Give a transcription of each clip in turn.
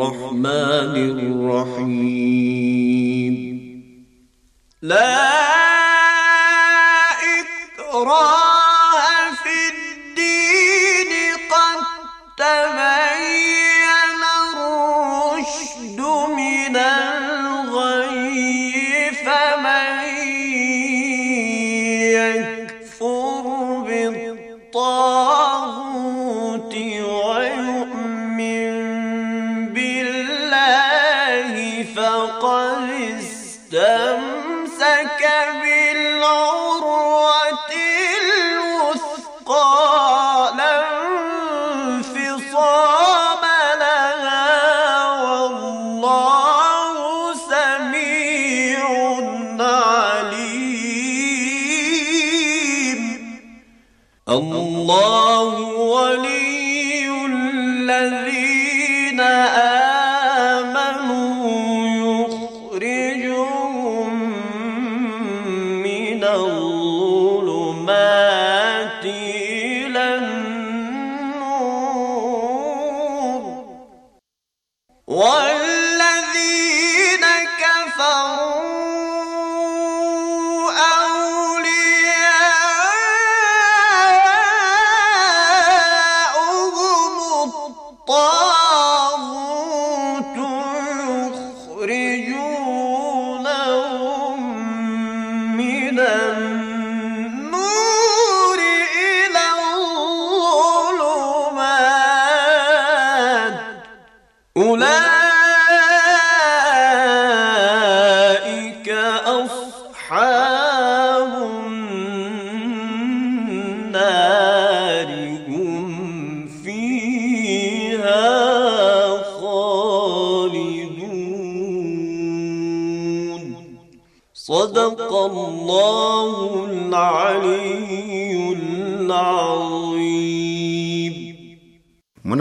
الرحمن الرحيم لا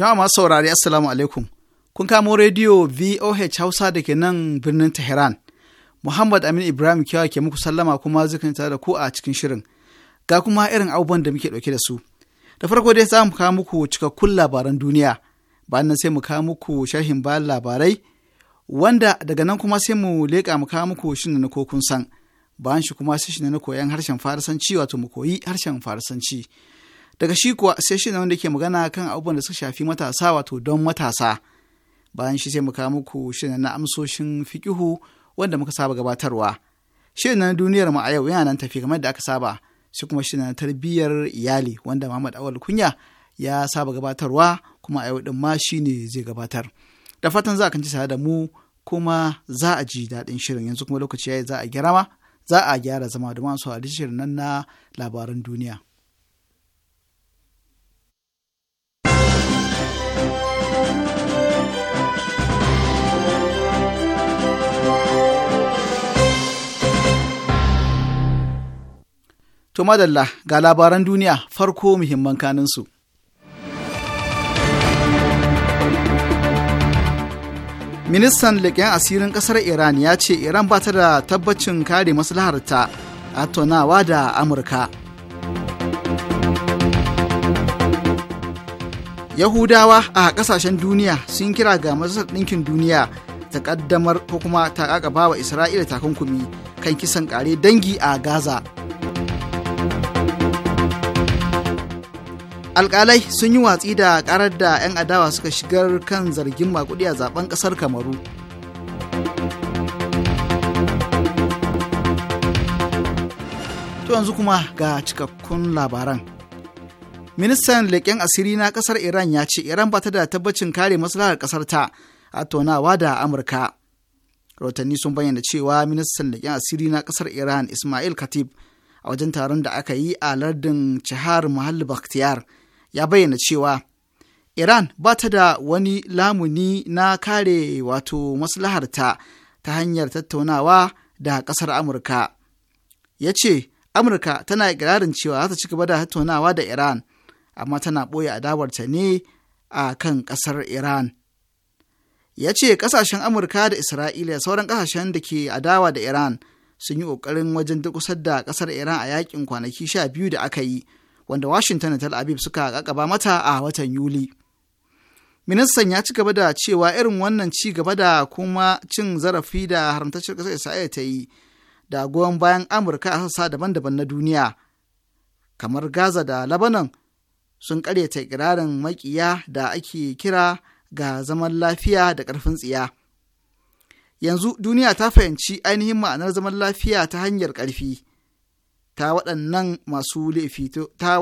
Jama'a masu saurari Assalamu alaikum. Kun kamo rediyo VOH Hausa da ke nan birnin Tehran. Muhammad Amin Ibrahim kyawa ke muku sallama kuma zikin tare da ku a cikin shirin. Ga kuma irin abubuwan da muke ɗauke da su. Da farko dai za mu kawo muku cikakkun labaran duniya. Bayan nan sai mu kawo muku sharhin bayan labarai. Wanda daga nan kuma sai mu leƙa mu kawo muku shi na ko kun san. Bayan shi kuma sai shi na koyan harshen farasanci wato mu koyi harshen Farasanci. daga shi kuwa sai shi wanda ke magana kan abubuwan da suka shafi matasa wato don matasa bayan shi sai muka muku shirin na amsoshin fikihu wanda muka saba gabatarwa shirin na duniyar mu a yau yana nan tafi kamar da aka saba shi kuma shirin na tarbiyyar iyali wanda Muhammad Awal Kunya ya saba gabatarwa kuma a yau din ma ne zai gabatar da fatan za a kanci da mu kuma za a ji daɗin shirin yanzu kuma lokaci yayi za a gyara za a gyara zama domin su shirin nan na labaran duniya. To madalla ga labaran duniya farko muhimman kaninsu. Ministan leƙen asirin ƙasar Iran ya ce Iran ba ta da tabbacin kare maslaharta a tonawa da Amurka. Yahudawa a ƙasashen duniya sun kira ga Majalisar Ɗinkin Duniya ta ƙaddamar ko kuma ta ƙaƙaba wa Isra'ila takunkumi kan kisan ƙare dangi a Gaza. alkalai sun yi watsi da karar da 'yan adawa suka shigar kan zargin makudi a zaben kasar kamaru to yanzu kuma ga cikakkun labaran ministan leƙen asiri na ƙasar iran ya ce iran ba ta da tabbacin kare maslahar ƙasar ta a tonawa da amurka rahotanni sun bayyana cewa ministan leƙen asiri na ƙasar iran ismail khatib a wajen taron da aka yi a lardin chahar mahal bakhtiyar ya bayyana cewa Iran ba ta da wani lamuni na kare wato maslaharta ta hanyar tattaunawa da ƙasar Amurka. Ya ce, Amurka tana ikirarin cewa za ta ci gaba da tattaunawa da Iran, amma tana ɓoye adawarta ne a kan ƙasar Iran. Ya ce, ƙasashen Amurka da Isra'ila sauran ƙasashen da ke adawa da Iran sun yi ƙoƙarin wajen durƙusar da ƙasar Iran a yaƙin kwanaki sha biyu da aka yi. wanda Washington da Tel Aviv suka kakaba mata a watan Yuli. Ministan ya ci gaba da cewa irin wannan ci gaba da kuma cin zarafi da haramtacciyar ƙasar Isra'ila ta yi da goyon bayan Amurka a sassa daban-daban na duniya, kamar Gaza da Lebanon sun ƙaryata ikirarin makiya da ake kira ga zaman lafiya da ƙarfin tsiya. Yanzu duniya ta fahimci ainihin ma'anar zaman lafiya ta hanyar ƙarfi. ta waɗannan masu laifi ta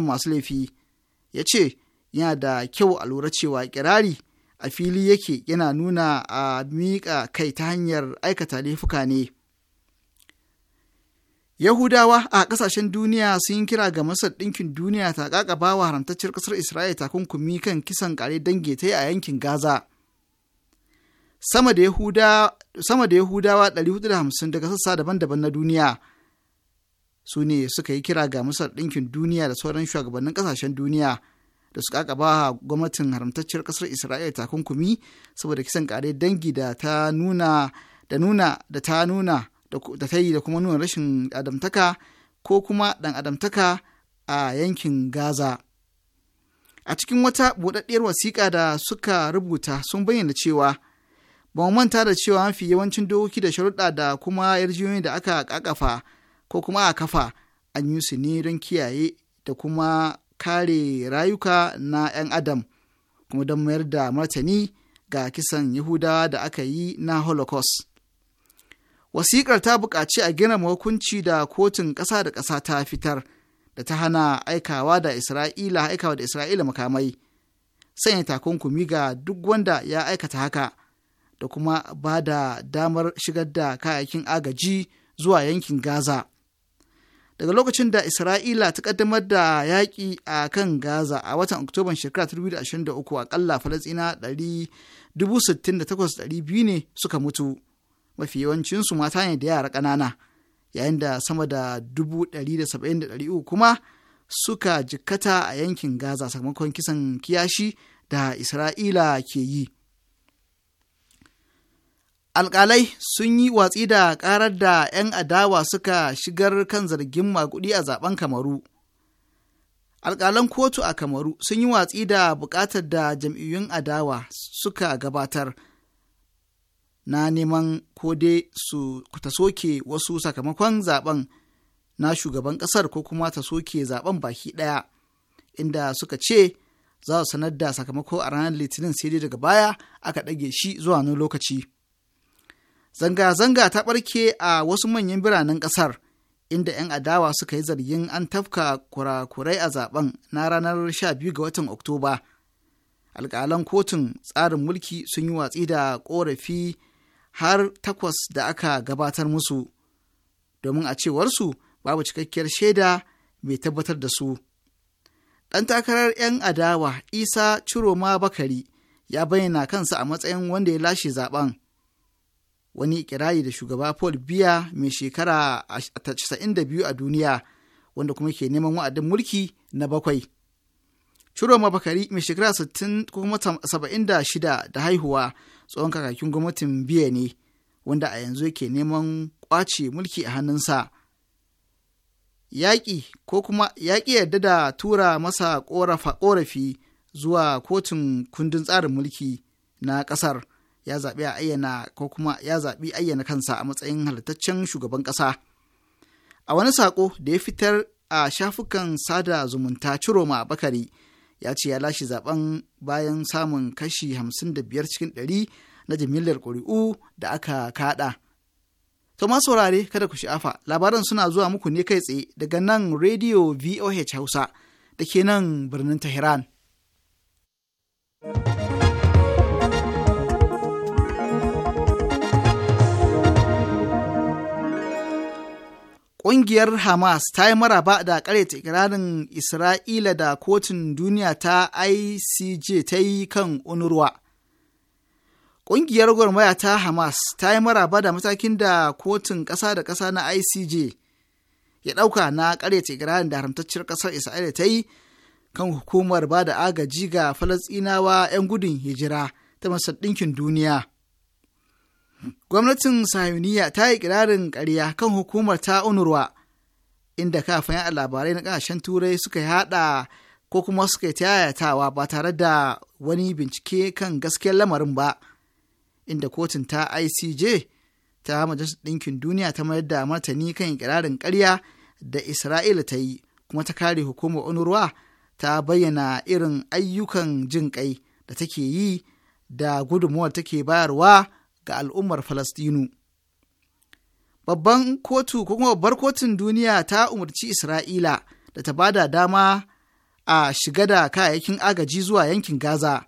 masu laifi ya ce yana da kyau a lura cewa kirari a fili yake yana nuna a miƙa kai ta hanyar aikata laifuka ne yahudawa a ƙasashen duniya sun yi kira ga masar ɗinkin duniya ta ƙaƙaba wa haramtacciyar ƙasar isra'ila takunkumi kan kisan ƙare dange ta yi a yankin gaza sama da yahudawa 450 daga sassa daban-daban na duniya su ne suka yi kira ga Masar ɗinkin duniya da sauran shugabannin ƙasashen duniya da suka ba gwamnatin haramtacciyar ƙasar Isra'ila takunkumi saboda kisan ƙare dangi da ta nuna da nuna da ta nuna da ta yi da kuma nuna rashin adamtaka ko kuma ɗan adamtaka a yankin Gaza. A cikin wata buɗaɗɗiyar wasiƙa da suka rubuta sun bayyana cewa ba manta da cewa mafi yawancin dokoki da sharuɗa da kuma yarjiyoyin da aka ƙaƙafa ko kuma a kafa an yi su ne don kiyaye da kuma kare rayuka na 'yan adam kuma don mayar da martani ga kisan yahudawa da aka yi na holocaust wasiƙar ta buƙaci a gina hukunci da kotun ƙasa da ƙasa ta fitar da ta hana aikawa da isra'ila aikawa da isra'ila makamai sanya takunkumi ga duk wanda ya aikata haka da kuma ba da damar shigar da kayayyakin agaji zuwa yankin gaza daga lokacin da isra'ila ta kaddamar da yaƙi a kan gaza a watan oktoban shekara 2023 akalla falasina 68,200 ne suka mutu mafi yawancinsu mata ne da yara ƙanana yayin da sama da 170,300 kuma suka jikkata a yankin gaza sakamakon kisan kiyashi da isra'ila ke yi alƙalai sun yi watsi da ƙarar da 'yan adawa suka shigar kan zargin maguɗi a zaben kamaru alkalan kotu a kamaru sun yi watsi da bukatar da jam'iyyun adawa suka gabatar na neman kode su ta soke wasu sakamakon zaben na shugaban ƙasar ko kuma ta soke zaben baki ɗaya inda suka ce za su sanar da sakamako a ranar litinin sai daga baya aka ɗage shi zuwa wani lokaci. Zanga-zanga ta ɓarke a wasu manyan biranen ƙasar, inda 'yan adawa suka yi zargin an tafka kurakurai a zaben na ranar 12 ga watan Oktoba. Alƙalan kotun tsarin mulki sun yi watsi da ƙorafi har takwas da aka gabatar musu, domin a cewarsu babu cikakkiyar shaida mai tabbatar da su. Ɗan takarar 'yan adawa Isa Ciroma Bakari ya bayyana kansa a matsayin wanda ya lashe zaben. wani kirayi da shugaba Paul Biya mai shekara 92 a duniya wanda kuma ke neman wa'adin mulki na bakwai. Shiro Mabakari mai shekara 76 da haihuwa tsohon kakakin gwamnatin Biya ne wanda a yanzu yake neman kwace mulki a hannunsa. Yaƙi ko kuma yaƙi yarda da tura masa ƙorafi zuwa kotun kundin tsarin mulki na ƙasar. ya zaɓi a ayyana ko kuma ya zaɓi ayyana kansa a matsayin halittaccen shugaban ƙasa. A wani saƙo da ya fitar a shafukan sada zumunta Ciroma Bakari ya ce ya lashe zaben bayan samun kashi hamsin da biyar cikin ɗari na jimillar ƙuri'u da aka kaɗa. To ma saurare kada ku sha'afa labaran suna zuwa muku ne kai tsaye daga nan Radio VOH Hausa da ke nan birnin Tehran. Ƙungiyar Hamas ta yi maraba da ƙaryata ikirarin Isra'ila da Kotun Duniya ta ICJ ta yi kan unurwa. Ƙungiyar gwarmaya ta Hamas ta yi maraba da matakin da Kotun ƙasa da ƙasa na ICJ ya ɗauka na ƙaryata ikirarin da haramtacciyar ƙasar Isra'ila ta yi kan hukumar ba da agaji ga Falasɗinawa 'yan gudun hijira ta Masar Ɗinkin Duniya. Gwamnatin Sahiyuniya ta yi kirarin ƙarya kan hukumar ta unurwa, inda kafin yaɗa labarai na ƙasashen Turai suka haɗa ko kuma suka tayatawa ba tare da wani bincike kan gaskiyar lamarin ba, inda kotun ta ICJ ta Majalisar Ɗinkin Duniya ta mayar da martani kan kirarin ƙarya da Isra'ila ta yi kuma ta kare hukumar unurwa, ta bayyana irin ayyukan jin ƙai da take yi da gudunmuwar take bayarwa ga al'ummar Falastinu. Babban kotu ko kuma babbar kotun duniya ta umarci Isra'ila da ta bada dama a shiga da kayayyakin agaji zuwa yankin Gaza.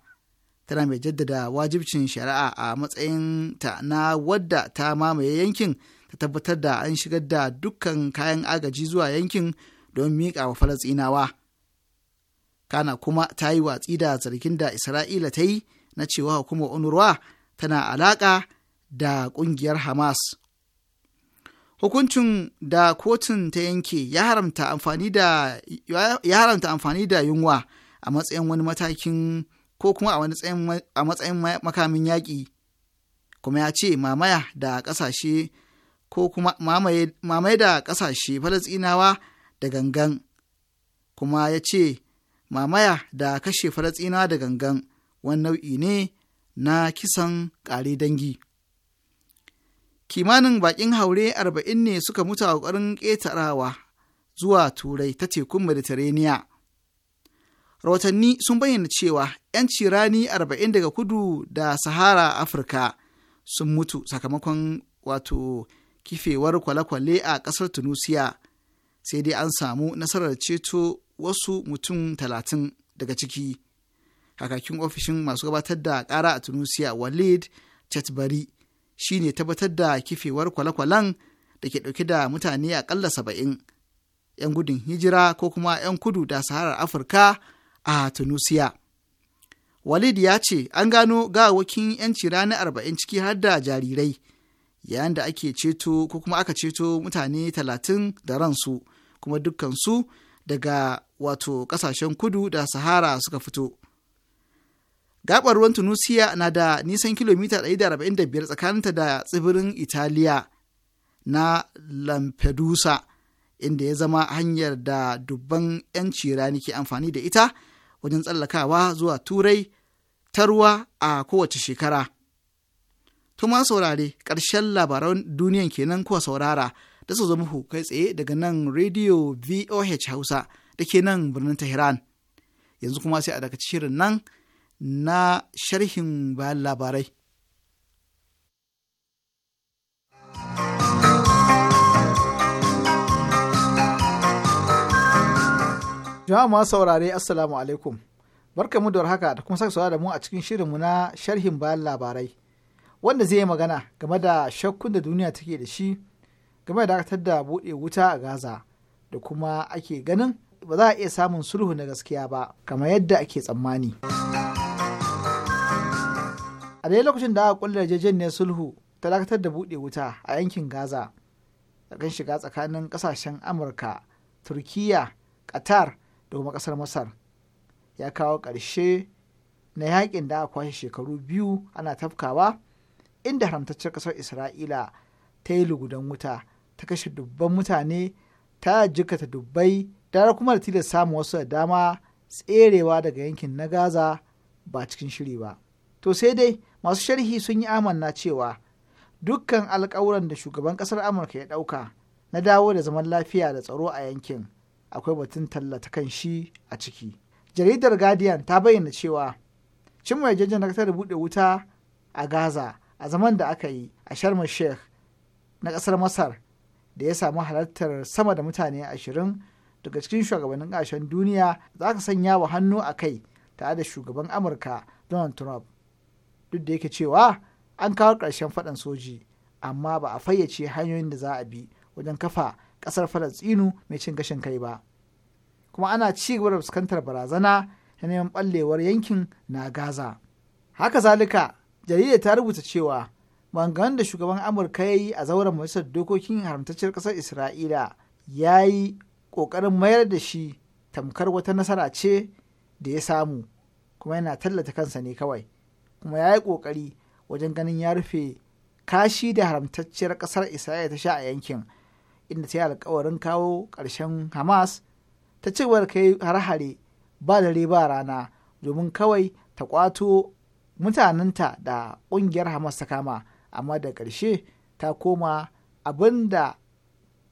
Tana mai jaddada wajibcin shari'a a matsayin ta na wadda ta mamaye yankin ta tabbatar da an shigar da dukkan kayan agaji zuwa yankin don miƙa wa Falasɗinawa. Kana kuma ta yi watsi da zargin da Isra'ila ta yi na cewa hukumar UNRWA tana alaƙa da ƙungiyar Hamas. Hukuncin da kotun ta yanke ya haramta amfani da yunwa a matsayin wani matakin ko kuma a matsayin makamin yaƙi, kuma ya ce mamaya da ƙasashe ko kuma mamaye da ƙasashe Falasɗinawa da gangan, kuma ya ce mamaya da kashe Falasɗinawa da gangan wani nau'i ne na kisan ƙare dangi. Kimanin baƙin haure arba'in ne suka mutu a ƙoƙarin ƙetarawa zuwa Turai ta tekun Mediterranean. rahotanni sun bayyana cewa yan cirani arba'in daga kudu da sahara afirka sun mutu sakamakon wato kifewar kwale-kwale a ƙasar tunisia sai dai an samu nasarar ceto wasu mutum talatin daga ciki kakakin ofishin masu gabatar da kara a tunisia walid chatbari shi ne tabbatar da kifewar kwale-kwalen da ke ɗauke da mutane akalla saba'in 'yan gudun hijira ko kuma 'yan kudu da saharar afirka a tunisia walid ya ce an gano gawakin 'yanci rana arba'in ciki har da jarirai yayin da ake ceto ko kuma aka ceto mutane talatin da ransu kuma dukkansu daga wato kasashen kudu da sahara suka fito gabar ruwan tunisia na da nisan kilomita 145 tsakaninta da tsibirin Italiya na Lampedusa, inda ya zama hanyar da dubban yan rani ke amfani da ita wajen tsallakawa zuwa Turai ta ruwa a kowace shekara. Tuma saurare ƙarshen labaran duniyan kenan kuwa saurara da su zama kai tsaye daga nan Radio VOH Hausa da ke nan birnin Tehran. Yanzu kuma sai a daga shirin nan. na sharhin bayan labarai. Jama'a masu saurare Assalamu alaikum. mu da haka da kuma saka da mu a cikin mu na sharhin bayan labarai. Wanda zai yi magana game da shakkun da duniya take da shi game da dakatar da buɗe wuta a Gaza da kuma ake ganin ba za a iya samun sulhu na gaskiya ba kamar yadda ake tsammani. a daya lokacin da aka kulle yarjejeniyar sulhu ta dakatar da buɗe wuta a yankin gaza kan shiga tsakanin ƙasashen amurka turkiya qatar da kuma ƙasar masar ya kawo ƙarshe na yakin da aka kwashe shekaru biyu ana tafkawa inda haramtaccen ƙasar isra'ila ta yi lugudan wuta ta kashe dubban mutane ta jikata dubbai tare kuma da tilasta samun wasu da dama tserewa daga yankin na gaza ba cikin shiri ba to sai dai masu sharhi sun yi amanna cewa dukkan alkawuran da shugaban kasar amurka ya dauka na dawo da zaman lafiya da tsaro a yankin akwai batun tallata kan shi a ciki jaridar guardian ta bayyana cewa cin mai jajjana ta buɗe wuta a gaza a zaman da aka yi a sharma sheikh na kasar masar da ya samu halartar sama da mutane ashirin daga cikin shugabannin ƙasashen duniya za ka sanya wa hannu a kai tare da shugaban amurka donald trump duk da yake cewa an kawo ƙarshen faɗan soji amma ba a fayyace hanyoyin da za a bi wajen kafa ƙasar falastinu mai cin gashin kai ba kuma ana ci gaba da fuskantar barazana ta neman ɓallewar yankin na gaza haka zalika jarida ta rubuta cewa maganganun da shugaban amurka ya yi a zauren majalisar dokokin haramtacciyar ƙasar isra'ila ya yi ƙoƙarin mayar da shi tamkar wata nasara ce da ya samu kuma yana tallata kansa ne kawai kuma ya yi ƙoƙari wajen ganin ya rufe kashi da haramtacciyar ƙasar isra'ila ta sha a yankin inda ta yi alkawarin kawo ƙarshen hamas ta ci da kai har-hare ba dare ba rana domin kawai ta kwato mutanenta da ƙungiyar hamas ta kama amma da ƙarshe ta koma abin da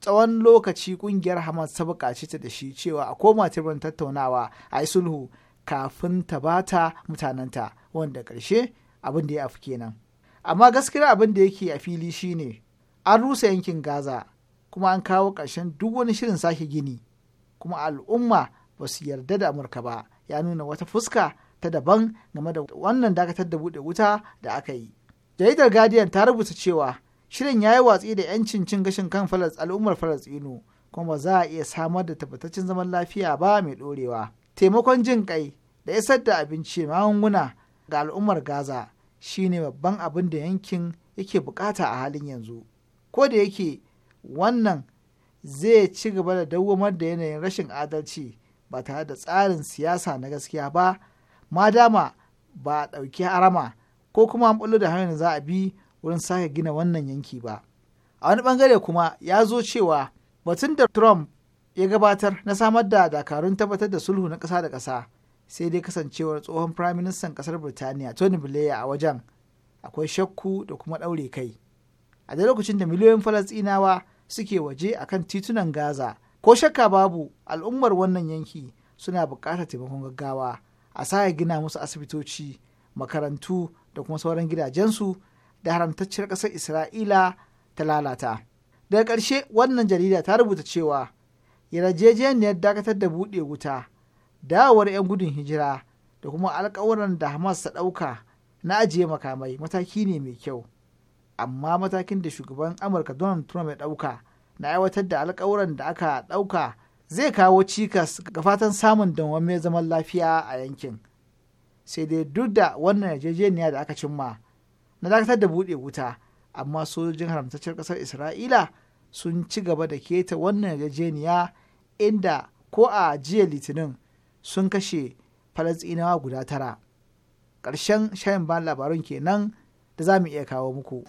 tsawon lokaci ƙungiyar hamas ta buƙaci ta da shi cewa a koma teburin tattaunawa a yi sulhu kafin ta bata mutanenta wanda ƙarshe abin da ya afi kenan amma gaskiyar abin da yake a fili shine an rusa yankin gaza kuma an kawo ƙarshen duk wani shirin sake gini kuma al'umma ba su yarda da amurka ba ya nuna wata fuska ta daban game da wannan dakatar da buɗe wuta da aka yi jaridar guardian ta rubuta cewa shirin ya yi watsi da yancin cin gashin kan Falas al'ummar falastinu kuma ba za a iya samar da tabbataccen zaman lafiya ba mai ɗorewa taimakon jin kai da isar da abinci magunguna ga al'ummar gaza shine babban abin da yankin yake bukata a halin yanzu ko da yake wannan zai ci gaba da dawwamar da yanayin rashin adalci ba tare da tsarin siyasa na gaskiya ba ma dama ba a ɗauki harama ko kuma an da hanyar za a bi wurin sake gina wannan yanki ba a wani bangare kuma ya zo cewa batun da trump ya gabatar na samar da dakarun tabbatar da sulhu na ƙasa da ƙasa sai dai kasancewar tsohon firaministan kasar birtaniya tony blair a wajen akwai shakku da kuma ɗaure kai a da lokacin da miliyoyin falasɗinawa suke waje a kan titunan gaza ko shakka babu al'ummar wannan yanki suna buƙatar taimakon gaggawa a sa gina musu asibitoci makarantu da kuma sauran gidajensu da haramtacciyar ƙasar isra'ila ta lalata daga ƙarshe wannan jarida ta rubuta cewa yarjejeniyar dakatar da buɗe wuta dawowar 'yan gudun hijira da kuma alkawuran da hamas ta ɗauka na ajiye makamai mataki ne mai kyau amma matakin da shugaban amurka donald trump ya ɗauka na aiwatar da alkawuran da aka ɗauka zai kawo cikas ga fatan samun mai zaman lafiya a yankin sai dai duk da wannan yarjejeniya da aka cimma na dakatar da buɗe wuta amma sojojin haramtaccen ƙasar isra'ila sun ci gaba da keta wannan yarjejeniya inda ko a jiya litinin sun kashe falasɗinawa guda tara ƙarshen shayin ba labarun kenan da za mu iya kawo muku.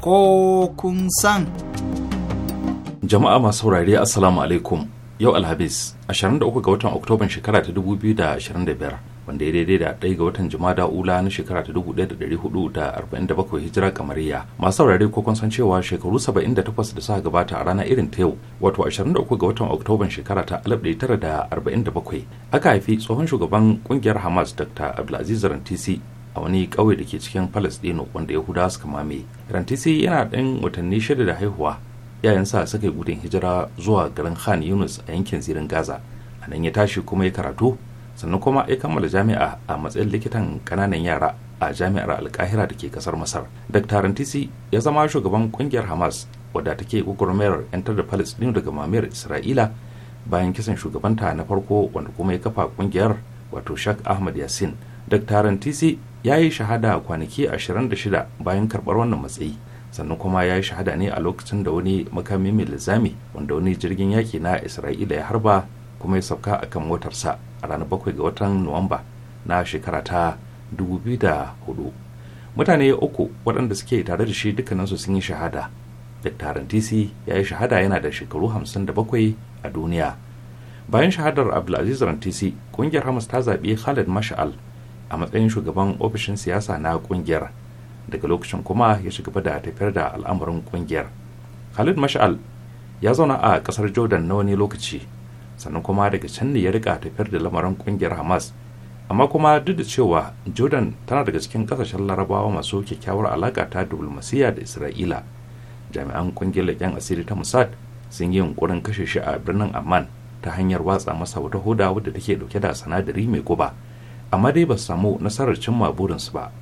ko kun san. Jama'a masu saurari Assalamu alaikum yau alhabis 23 ga watan Oktoban shekara ta 2025 wanda ya daidai da ɗaya ga watan da ula na shekara ta dubu da da da ɗari hudu arba'in bakwai hijira kamariya masu saurare ko kun san cewa shekaru saba'in da suka gabata a ranar irin ta yau wato uku ga watan oktoban shekara ta 1947 aka haifi tsohon shugaban kungiyar hamas dr abdulaziz rantisi a wani ƙauye da ke cikin palestino wanda yahudawa suka mame rantisi yana ɗan watanni shida da haihuwa sa suka yi gudun hijira zuwa garin khan yunus a yankin zirin gaza a nan ya tashi kuma ya karatu sannan kuma ya kammala jami'a a matsayin likitan kananan yara a jami'ar alkahira da ke kasar masar dr rantisi ya zama shugaban kungiyar hamas wadda take gugurmayar 'yantar da palestine daga mamayar isra'ila bayan kisan shugabanta na farko wanda kuma ya kafa kungiyar wato shak ahmad yasin dr rantisi ya yi shahada kwanaki ashirin da shida bayan karbar wannan matsayi sannan kuma ya yi shahada ne a lokacin da wani makami mai lizami wanda wani jirgin yaki na isra'ila ya harba kuma ya sauka a kan motarsa a ranar bakwai ga watan nuwamba na shekara ta da hudu mutane uku waɗanda suke tare da shi dukkaninsu sun yi shahada da tc ya yi shahada yana da shekaru 57 a duniya bayan shahadar abdulaziz rantisi kungiyar hamas ta zaɓi khalid mashal a matsayin shugaban ofishin siyasa na kungiyar daga lokacin kuma ya shiga da tafiyar da al'amarin kungiyar khalid mashal ya zauna a ƙasar jordan na wani lokaci sannan kuma daga can ne ya rika tafiyar da lamarin kungiyar hamas amma kuma duk da cewa jordan tana daga cikin kasashen larabawa masu kyakkyawar alaka ta diplomasiya da isra'ila jami'an kungiyar leƙen asiri ta mossad sun yi yunkurin kashe shi a birnin amman ta hanyar watsa masa wata hoda wadda take dauke da sanadari mai guba amma dai ba su samu nasarar cimma burinsu ba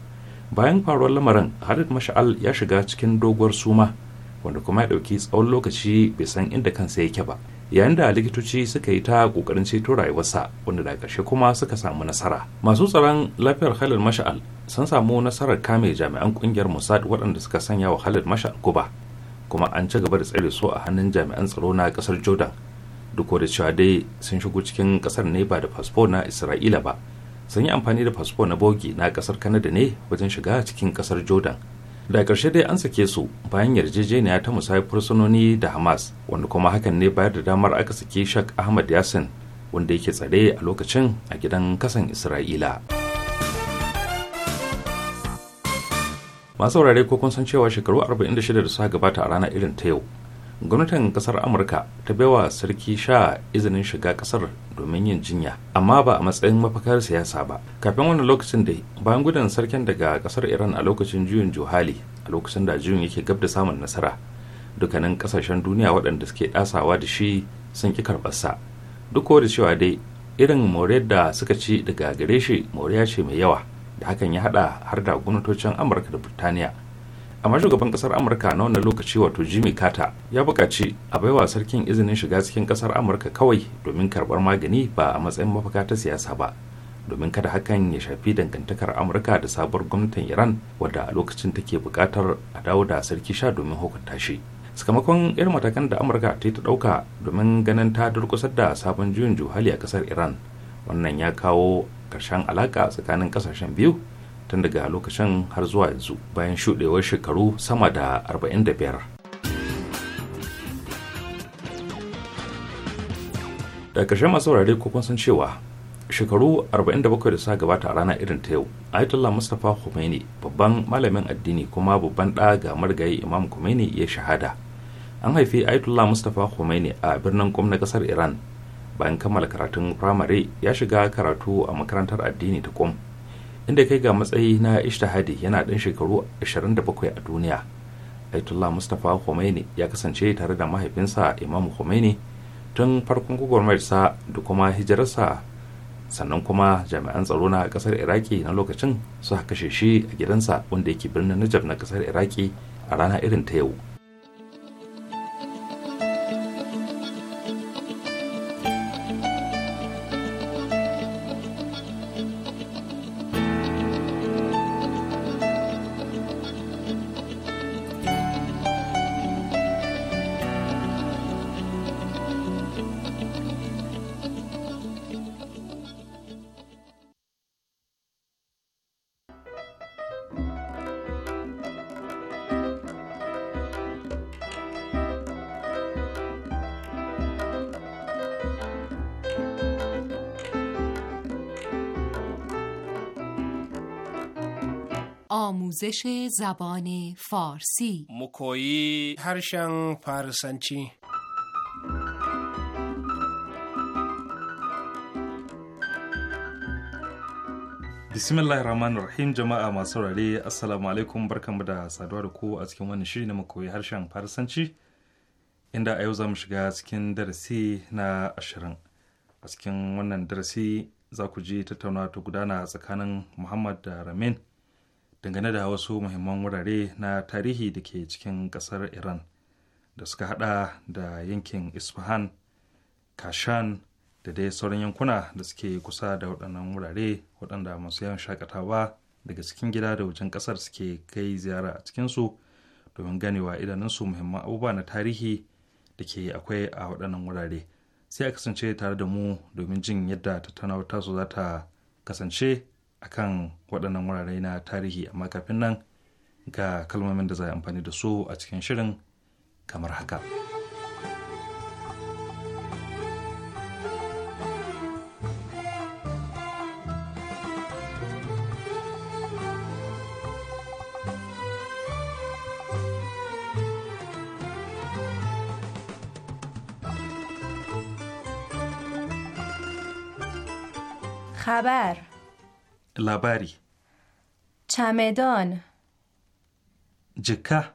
bayan faruwar lamarin halid mashal ya shiga cikin doguwar suma wanda kuma ya dauki tsawon lokaci bai san inda kansa yake ba yayin da likitoci suka yi ta kokarin ceto rayuwarsa wanda da ƙarshe kuma suka samu nasara masu tsaron lafiyar halil mashal sun samu nasarar kame jami'an kungiyar mossad waɗanda suka sanya wa halil mashal guba kuma an ci gaba da tsare su a hannun jami'an tsaro na ƙasar jordan duk da cewa dai sun shigo cikin ƙasar ne ba da fasfo na isra'ila ba sun yi amfani da fasfo na bogi na ƙasar kanada ne wajen shiga cikin ƙasar jordan da karshe dai an sake su bayan yarjejeniya ta musayar fursunoni da hamas wanda kuma hakan ne bayar da damar aka sake shak ahmad yasin wanda yake tsare a lokacin a gidan kasan isra'ila masu saurare ko kun san cewa shekaru 46 da suka gabata a rana irin ta yau gwamnatin kasar amurka ta bai wa sarki sha izinin shiga kasar domin yin jinya amma ba a matsayin mafakar siyasa ba kafin wani lokacin da bayan gudun sarkin daga kasar iran a lokacin juyin juhali a lokacin da juyin yake gab da samun nasara dukkanin kasashen duniya waɗanda suke ɗasawa da shi sun ki karɓarsa duk da cewa dai irin moriyar da suka ci daga gare shi moriya ce mai yawa da hakan ya haɗa har da gwamnatocin amurka da burtaniya amma shugaban kasar amurka na wannan lokaci wato jimmy carter ya buƙaci a baiwa sarkin izinin shiga cikin kasar amurka kawai domin karɓar magani ba a matsayin mafaka ta siyasa ba domin kada hakan ya shafi dangantakar amurka da sabuwar gwamnatin iran wadda a lokacin take buƙatar a dawo da sarki sha domin hukunta shi sakamakon irin matakan da amurka ta yi ta ɗauka domin ganin ta durkusar da sabon juyin juhali a kasar iran wannan ya kawo ƙarshen alaƙa tsakanin ƙasashen biyu tun daga lokacin har zuwa yanzu bayan shuɗewar shekaru sama da 45 da ƙarshen masu saurare kukun sun cewa shekaru 47 da suka gabata a rana irin ta yau ayatollah mustapha khomeini babban malamin addini kuma babban ɗa ga marigayi imam khomeini ya shahada an haifi ayatollah mustapha khomeini a birnin kum na ƙasar iran bayan kammala karatun firamare ya shiga karatu a makarantar addini ta kum inda kai ga matsayi na ishtihadi yana ɗan shekaru 27 a duniya Aitullah Mustapha Khomeini ya kasance tare da mahaifinsa Imam Khomeini tun farkon gwagwarmayarsa da kuma hijirarsa sannan kuma jami'an tsaro na kasar Iraki na lokacin su kashe shi a gidansa wanda yake birnin Najaf na kasar Iraki a rana irin ta yau. آموزش زبان koyi harshen هرشن فارسنچی bismillah rahman rahim jama'a masu saurare assalamu alaikum barkanmu da saduwa da ku a cikin wannan shiri na makoyi harshen farisanci inda a yau za mu shiga cikin darasi na ashirin a cikin wannan darasi za ku ji tattaunawa ta gudana tsakanin muhammad da ramin dangane da wasu muhimman wurare na tarihi da ke cikin ƙasar iran da suka hada da yankin isfahan kashan da dai sauran yankuna da suke kusa da waɗannan wurare waɗanda masu yawan shakatawa daga cikin gida da wajen ƙasar suke kai ziyara a cikinsu domin ganewa idanunsu muhimman abubuwa na tarihi da ke akwai a waɗannan wurare sai a kasance tare da mu domin jin yadda tattaunawa tasu za ta kasance akan waɗannan wurare na tarihi amma kafin nan ga kalmomin da za a amfani da su a cikin shirin kamar haka. خبر لبری چمدان جکه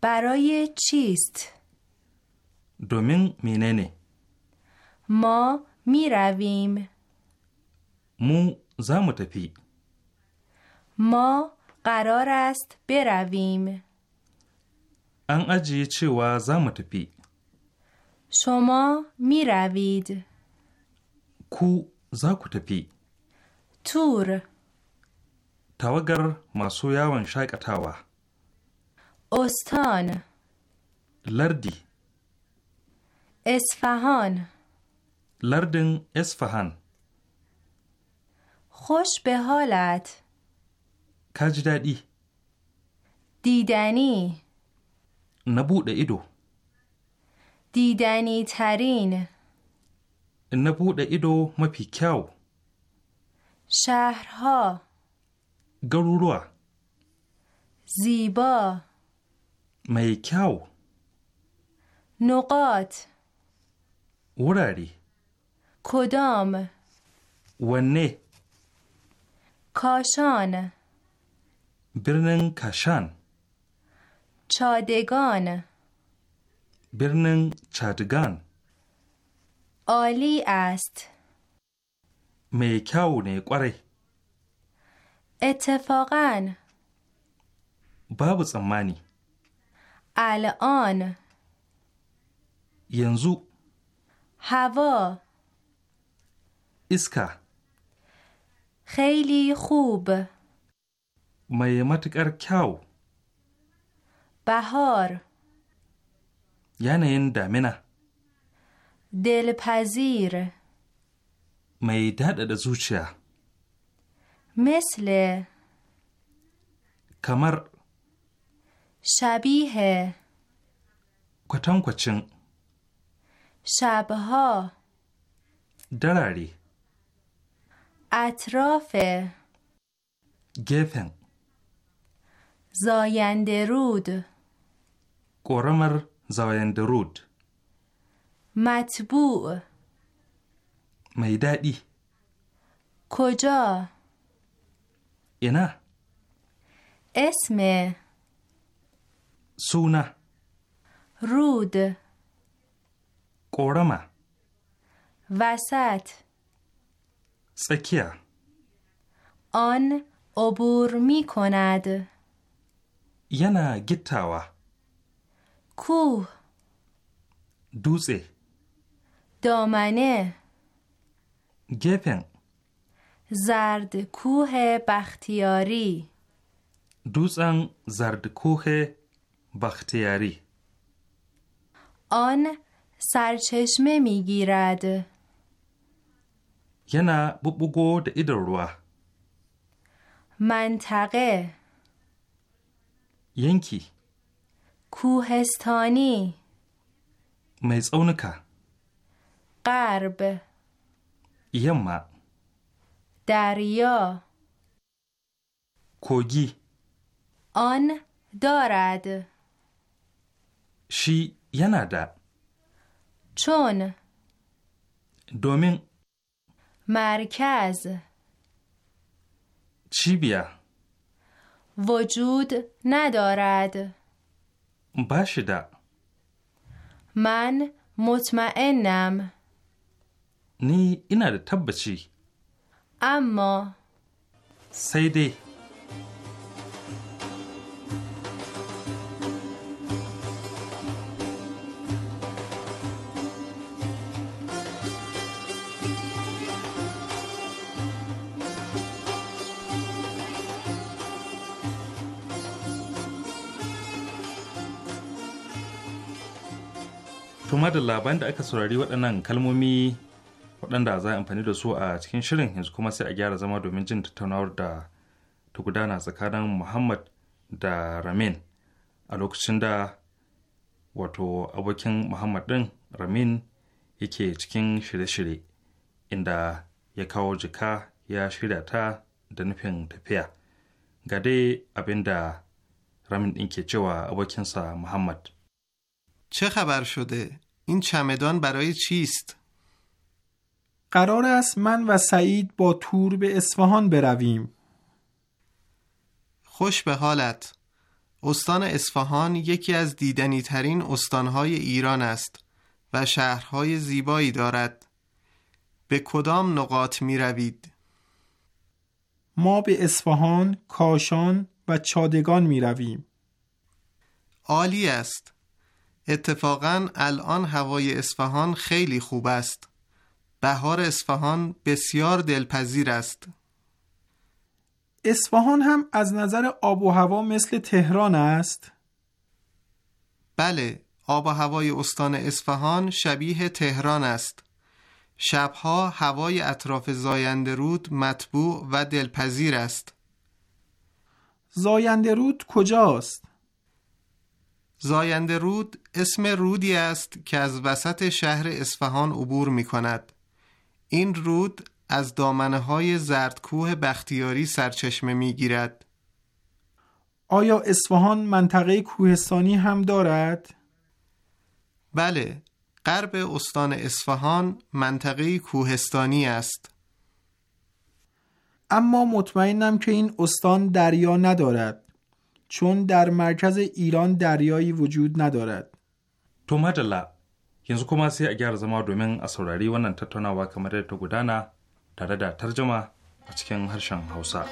برای چیست؟ دومین میننه ما می رویم مو زمو ما قرار است برویم ان اجیه و زمو تفی شما می روید کو زاکو تپی tur tawagar masu yawon shakatawa. Ostan Lardi Esfahan Lardin Esfahan خوش به حالت کج دادی دیدنی نبود ایدو دیدنی ترین نبود ایدو مپی کیاو شهرها گرورو زیبا میکاو نقاط وراری کدام ونه کاشان برنن کاشان چادگان برنن چادگان عالی است می نه قره اتفاقا باب تسمانی الان ینزو هوا اسکا خیلی خوب می متکر کیاو بهار یعنی دامنه دلپذیر mai daɗa da zuciya. Mesle. Kamar. Shabihe. Kwatankwacin. Shabaho. Darari. Atrofe. Gefen. Zoyanderud. Ƙoramar Zoyanderud. Matbu. Matbu. میدادی کجا کجا اینا اسم سونا رود قرما وسط سکیا آن عبور می کند ینا گتاوا کوه دوزه دامنه گپن زرد کوه بختیاری دوزن زرد کوه بختیاری آن سرچشمه میگیرد نه ببگو د ایدروا منطقه ینکی کوهستانی میزونکا غرب یما دریا کوگی آن دارد شی ینادا چون دومین مرکز چی بیا وجود ندارد باشده من مطمئنم ni ina da tabbaci. amma. sai dai. kuma da labaran da aka saurari waɗannan kalmomi waɗanda za a amfani da su a cikin shirin yanzu kuma sai a gyara zama domin jin tattaunawar da ta gudana tsakanin muhammad da ramin a lokacin da wato abokin muhammad ɗin ramin yake cikin shirye-shirye inda ya kawo jika ya shirya ta da nufin tafiya ga dai abin da ramin ɗin ke cewa abokinsa muhammad چه خبر shude? In chamedon برای چیست؟ قرار است من و سعید با تور به اصفهان برویم خوش به حالت استان اصفهان یکی از دیدنی ترین استانهای ایران است و شهرهای زیبایی دارد به کدام نقاط می روید؟ ما به اصفهان، کاشان و چادگان می رویم عالی است اتفاقا الان هوای اصفهان خیلی خوب است بهار اصفهان بسیار دلپذیر است. اصفهان هم از نظر آب و هوا مثل تهران است؟ بله، آب و هوای استان اصفهان شبیه تهران است. شبها هوای اطراف زاینده رود مطبوع و دلپذیر است. زاینده رود کجاست؟ زاینده رود اسم رودی است که از وسط شهر اصفهان عبور می کند. این رود از دامنه های زردکوه بختیاری سرچشمه می گیرد. آیا اصفهان منطقه کوهستانی هم دارد؟ بله، غرب استان اصفهان منطقه کوهستانی است. اما مطمئنم که این استان دریا ندارد چون در مرکز ایران دریایی وجود ندارد. تو مجلب yanzu kuma sai a gyara zama domin a saurari wannan tattaunawa kamar yadda ta gudana tare da tarjama a cikin harshen hausa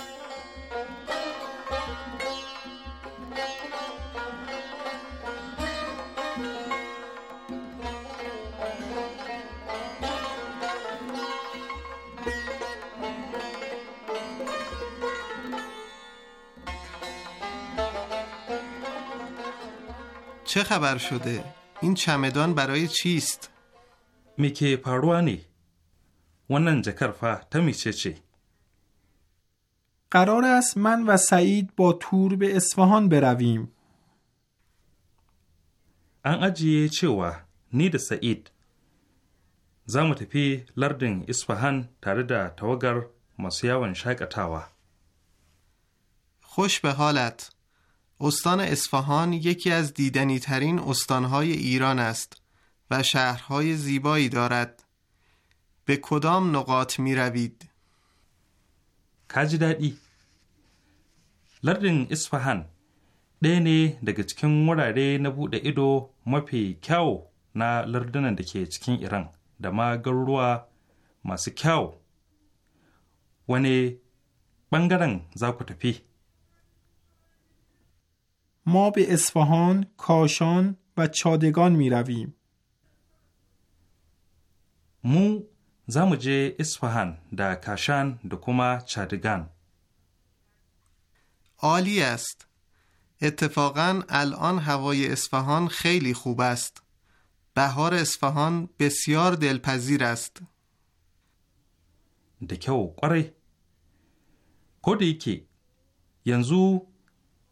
چه خبر شده؟ این چمدان برای چیست؟ میکی پاروانی ونن جکر فا چه چی؟ قرار است من و سعید با تور به اصفهان برویم. ان اجیه چوا نی سعید زمو پی لردن اصفهان تاره دا توگر ماسیاون شاکتاوا خوش به حالت استان اصفهان یکی از دیدنی ترین استانهای ایران است و شهرهای زیبایی دارد. به کدام نقاط می روید؟ کجدائی لردن اصفهان دینه دگه چکن مراره نبوده ایدو مپی کهو نا لردن دکه چکن ایران دما گروا ماسی کیاو ونی بانگران زاکو تپیه ما به اصفهان، کاشان و چادگان می رویم. مو زموجه اصفهان دا کاشان دکوما چادگان عالی است. اتفاقا الان هوای اصفهان خیلی خوب است. بهار اصفهان بسیار دلپذیر است. دکه و قره. کدیکی. که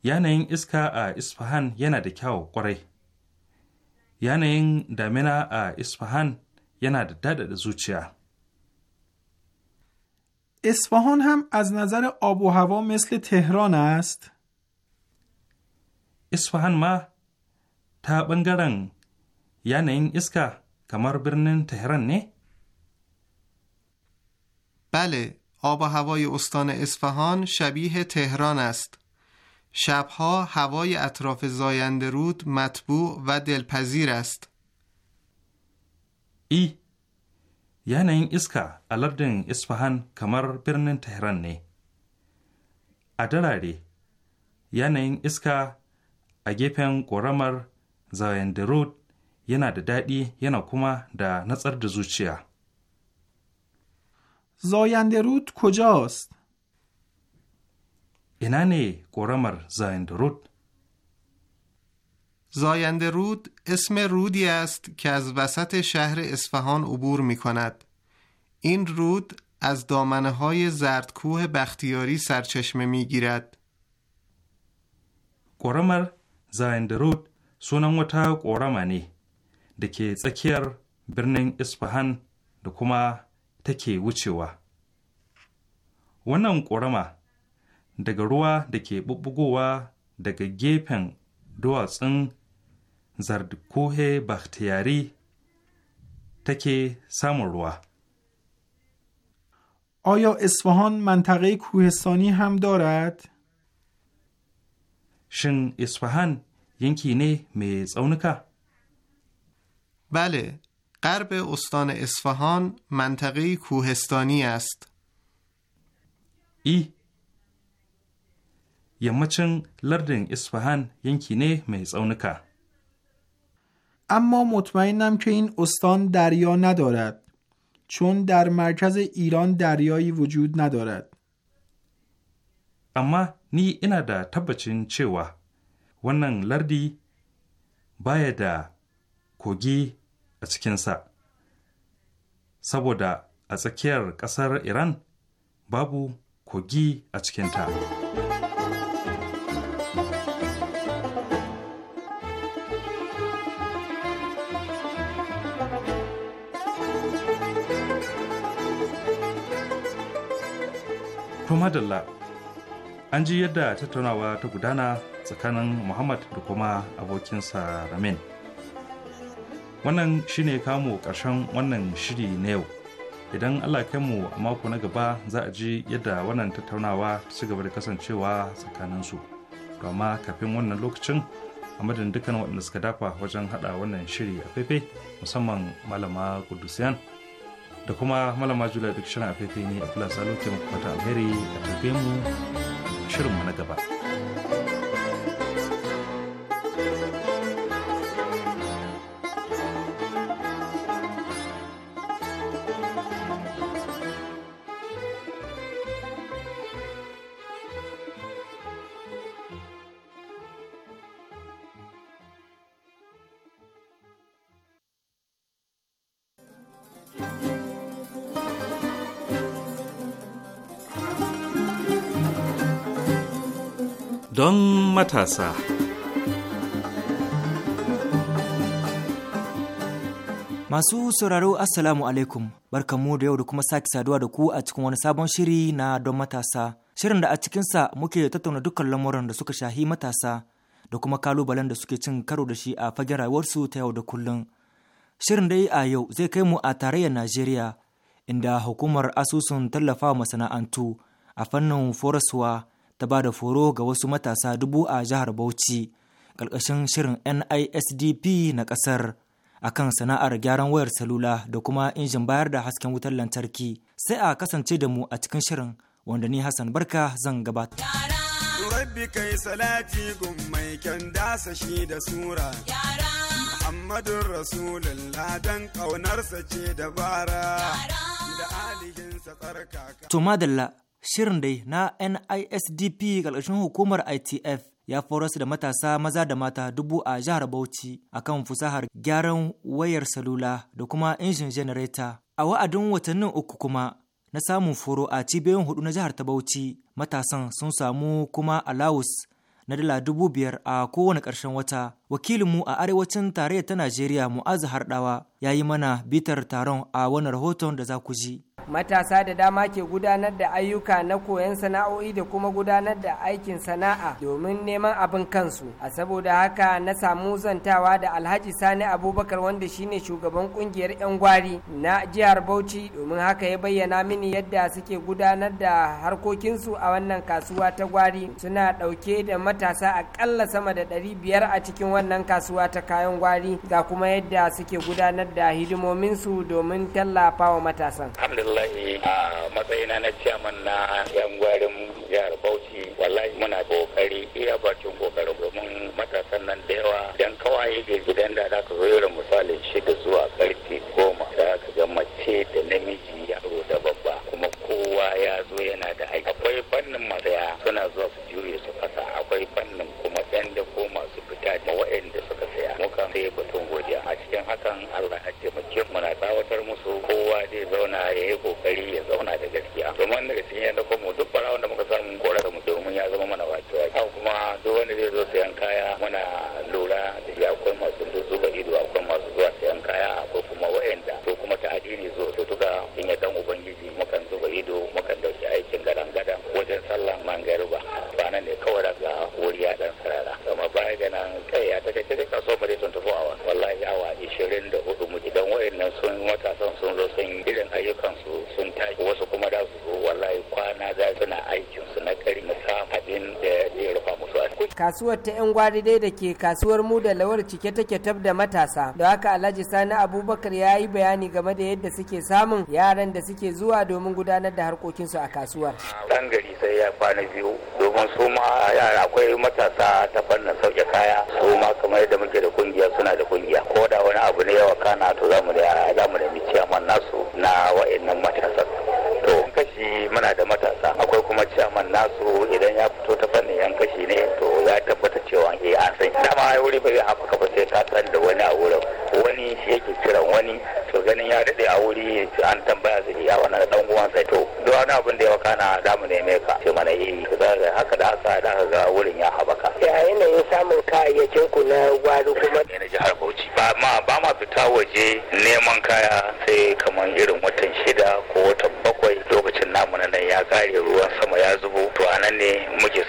Yanayin iska a Isfahan yana da kyau ƙwarai. Yanayin damina a Isfahan yana da daɗaɗa zuciya. اصفهان هم از نظر آب و هوا مثل تهران است؟ اصفهان ما تا بنگرن یعنی این اسکا کمر برنن تهران نه؟ بله آب و هوای استان اصفهان شبیه تهران است شبها هوای اطراف زاینده رود مطبوع و دلپذیر است. ای یعنی اسکا الابدن اسفهان کمر برنن تهران نه. ادراری یعنی اسکا اگپن قرامر زاینده رود yana da دادی yana کما da نصر دزوچیا. زاینده رود کجاست؟ این نه قرمر زایند رود زایند رود اسم رودی است که از وسط شهر اصفهان عبور می کند این رود از دامنه های زردکوه بختیاری سرچشمه می گیرد قرمر زایند رود سونان وتا قرمه da ke tsakiyar birnin Isfahan da kuma Wannan ƙorama daga ruwa da ke bubbugowa daga gefen duwatsun zardukohe bakhtiyari take samun ruwa. آیا اصفهان منطقه کوهستانی هم دارد؟ شن اصفهان یکی نه میز اونکا؟ بله، غرب استان اصفهان منطقه کوهستانی است. ای yammacin lardin Isfahan yanki ne mai tsaunuka. Amma mutmainam ke in ustan darya nadarad, chun dar markaz iran daryayi wujud nadarad. Amma ni ina da tabbacin cewa wannan lardi baya da kogi a cikinsa, saboda a tsakiyar ƙasar Iran babu kogi a cikinta. to madalla an ji yadda tattaunawa ta gudana tsakanin muhammad da kuma abokinsa ramin wannan shi ne kamo karshen wannan shiri na yau idan allah kai mu a mako na gaba za a ji yadda wannan tattaunawa ta ci gaba da kasancewa tsakaninsu su. amma kafin wannan lokacin a madadin dukkan waɗanda suka dafa wajen haɗa wannan shiri a faifai musamman malama kudusiyan da kuma malama jula duk shirin a faifai ne a kula salo ke muku alheri a mu shirinmu na gaba. don matasa. Masu sauraro Assalamu alaikum barkamu da yau da kuma sake saduwa da ku a cikin wani sabon shiri na don matasa. Shirin da a cikinsa muke tattauna dukkan lamuran da suka shahi matasa da kuma kalubalen da suke cin karo da shi a fagen rayuwarsu ta yau da kullum. Shirin dai a yau zai kai mu a tarayyar Najeriya inda hukumar asusun tallafa masana'antu a fannin foraswa ta ba da foro ga wasu matasa dubu a jihar Bauchi ƙarƙashin shirin NISDP na ƙasar a kan sana'ar gyaran wayar salula da kuma injin bayar da hasken wutar lantarki sai a kasance da mu a cikin shirin wanda ni Hassan Barka zan gabata. Rabbi kai salati gummai dasa shi da sura. Muhammadun Rasulullah dan ƙaunarsa ce dabara. Da alihinsa tsarkaka. To madalla Shirin dai na NISDP ƙarƙashin hukumar ITF ya foras da matasa maza da mata dubu a jihar Bauchi akan fusahar gyaran wayar salula da kuma injin janareta. A wa'adin watannin uku kuma na samun foro a cibiyoyin hudu na jihar ta Bauchi matasan sun samu kuma alawus na dala dubu biyar a kowane ƙarshen wata. Wakilinmu a arewacin tarayyar ta Najeriya Mu'azu Harɗawa ya yi mana bitar taron a wani rahoton da za ku ji. matasa da dama ke gudanar da ayyuka na koyon sana'o'i da kuma gudanar da aikin sana'a domin neman abin kansu a saboda haka na samu zantawa da alhaji sani abubakar wanda shine shugaban kungiyar 'yan gwari na jihar bauchi domin haka ya bayyana mini yadda suke gudanar da harkokinsu a wannan kasuwa ta gwari suna ɗauke da matasa akalla sama da ɗari biyar a cikin wannan kasuwa ta kayan gwari ga kuma yadda suke gudanar da hidimominsu domin tallafa wa matasan. wallahi a matsayina na ciyaman na yan gwarin jihar bauchi wallahi muna kokari iya bakin kokarin domin matasan nan da yawa dan kawai ga gidan da za ka zo yau misali shida zuwa karfe goma da ka ga mace da namiji yaro da babba kuma kowa ya zo yana da aiki akwai fannin masaya. suna zuwa su juye su fasa akwai fannin kuma yan da ko masu fita da waɗanda suka saya muka sai batun godiya a cikin hakan allah ya taimake kasuwar ta 'yan gwari dai da ke kasuwar mu da lawar cike take tab da matasa da haka alhaji sani abubakar ya yi bayani game da yadda suke samun yaran da suke zuwa domin gudanar da harkokinsu a kasuwar ɗan gari sai ya kwana biyu domin su ma yara akwai matasa ta fannin sauke kaya su ma kamar yadda muke da kungiya suna da kungiya ko da wani abu ne yawa kana to zamu da yara zamu da amma nasu na wa'annan matasa to kashi muna da matasa akwai kuma ciyaman nasu idan ya fito ta fannin yan kashi ne to ya tabbata cewa eh an san dama wuri bai haka ba sai ka san da wani a wurin wani shi yake kiran wani to ganin ya dade a wuri an tambaya zai iya wani dan uwan sai to duk wani abin da ya na da mu ne ka ce mana eh da haka da aka da ga wurin ya haɓaka. ya yanayin samun kayayyakin ku na gwaro kuma. na jihar bauchi ba ma ba ma fita waje neman kaya sai kamar irin watan shida ko watan bakwai lokacin namu na nan ya kare ruwan sama ya zubo to anan ne muke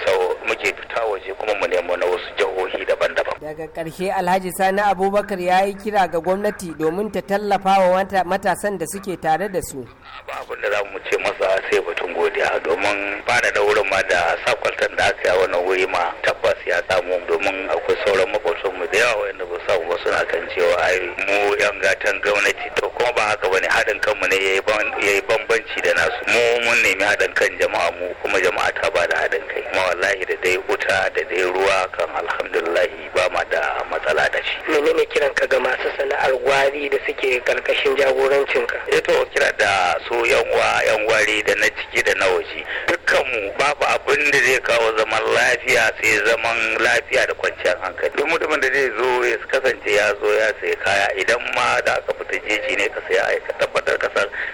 daga karshe alhaji sani abubakar ya yi kira ga gwamnati domin ta tallafa wa matasan da suke tare da su abin da za mu ce masa sai batun godiya domin fara da wurin ma da sakwaltan da aka yi wannan wuri ma tabbas ya samu domin akwai sauran makwabcin da yawa wanda ba samu ba suna kan cewa ai mu yan gatan gwamnati to ba haka bane haɗin kanmu ne ya yi bambanci da nasu mu mun nemi haɗin kan jama'a mu kuma jama'a ta ba da haɗin kai kuma wallahi da dai wuta da dai ruwa kan alhamdulillah ba ma da matsala da shi menene kiran ka ga masu sana'ar gwari da suke karkashin jagorancin ka eh to kira da su yan uwa yan gwari da na ciki da na waje dukkan mu babu abin da zai kawo zaman lafiya sai zaman lafiya da kwanciyar hankali duk mutumin da zai zo ya kasance ya zo ya sai kaya idan ma da aka fita jeji ne ka sai ai ka tabbatar ka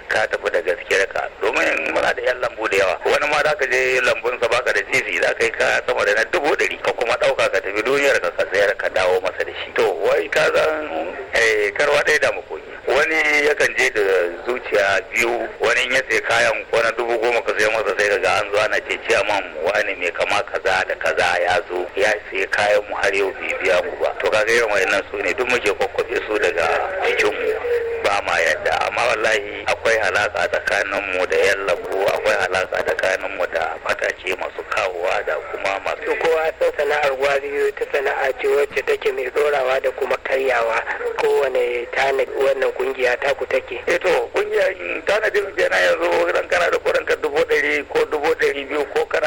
ka tafi da gaskiyar ka domin muna da yan lambu da yawa wani ma zaka je lambun sa baka da cizi zaka yi ka sama da na dubu dari ka kuma ɗauka ka tafi duniyar ka ka sayar ka dawo masa da shi to wai ka zan eh, karwa dai da muku wani yakan je da zuciya biyu wani ya sai kayan wani dubu goma ka sai masa sai ga an zo ana ce man wani mai kama kaza da kaza ya zo ya sai kayan mu har yau bai biya mu ba to kaga irin wayannan su ne duk muke kwakwabe su daga jikin mu ma yadda amma wallahi akwai halaka tsakanin mu da yan lambu akwai halaka tsakanin mu da matace masu kawowa da kuma masu kowa san sana'ar gwari ta sana'a ce wacce take mai dorawa da kuma karyawa kowane tanadi wannan kungiya ta ku take eh to kungiya tanadin kenan yanzu ran kana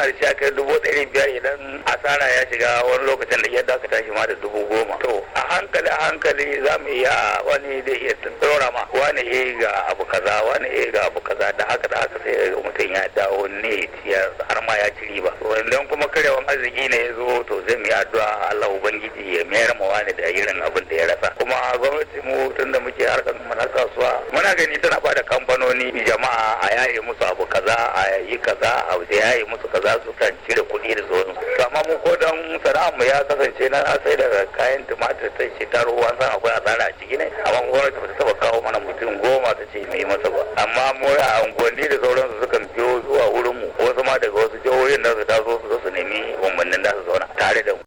da shi kai dubu ɗari biyar idan asara ya shiga wani lokacin da yadda aka tashi ma da dubu goma to a hankali a hankali za mu iya wani da iya tsora ma wani ya eh, ga abu kaza wani ya eh, ga abu kaza da haka da haka sai mutum ya dawo ne ya har ma ya ci riba wannan kuma karewan arziki ne ya zo to zai mu yi addu'a Allah ubangiji ya mayar ma wani da irin abin da ya rasa kuma gwamnati mu tunda muke harkar mana kasuwa muna gani tana bada kamfanoni jama'a a yaye musu abu kaza a yi kaza a yaye musu kaza za su kan cire kuɗi da sauran to amma mu ko don sana'ar mu ya kasance na sai daga kayan tumatir ta shi taro ruwa san akwai asara a ciki ne amma gwamnati ba ta taba kawo mana mutum goma ta ce mai masa ba amma mu a unguwanni da sauransu sukan biyo zuwa wurin mu wasu ma daga wasu jihohin da su zo su su nemi umarnin da su zauna tare da mu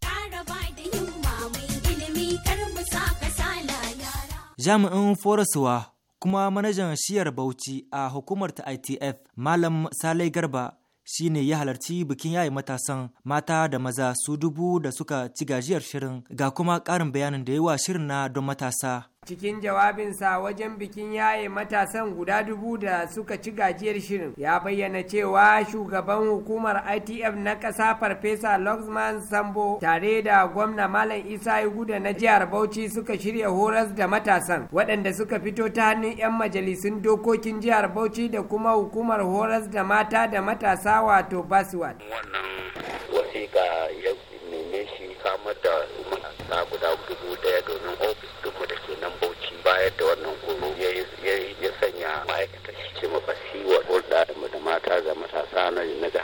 jami'in forasuwa kuma manajan shiyar bauchi a hukumar ta itf malam salai garba shine ya halarci bikin yayi matasan mata da maza su dubu da suka ci gajiyar shirin ga kuma ƙarin bayanin da yawa shirin na don matasa cikin jawabinsa wajen bikin yaye matasan guda dubu da suka ci gajiyar shirin ya bayyana cewa shugaban hukumar itf na ƙasa farfesa luxman sambo tare da gwamna malam isa guda na jihar bauchi suka shirya horas da matasan waɗanda suka fito ta hannun 'yan majalisun dokokin jihar bauchi da kuma hukumar horas da mata da matasa wato baswat wannan wasiƙa ya shi kamar da matasa guda 那那家。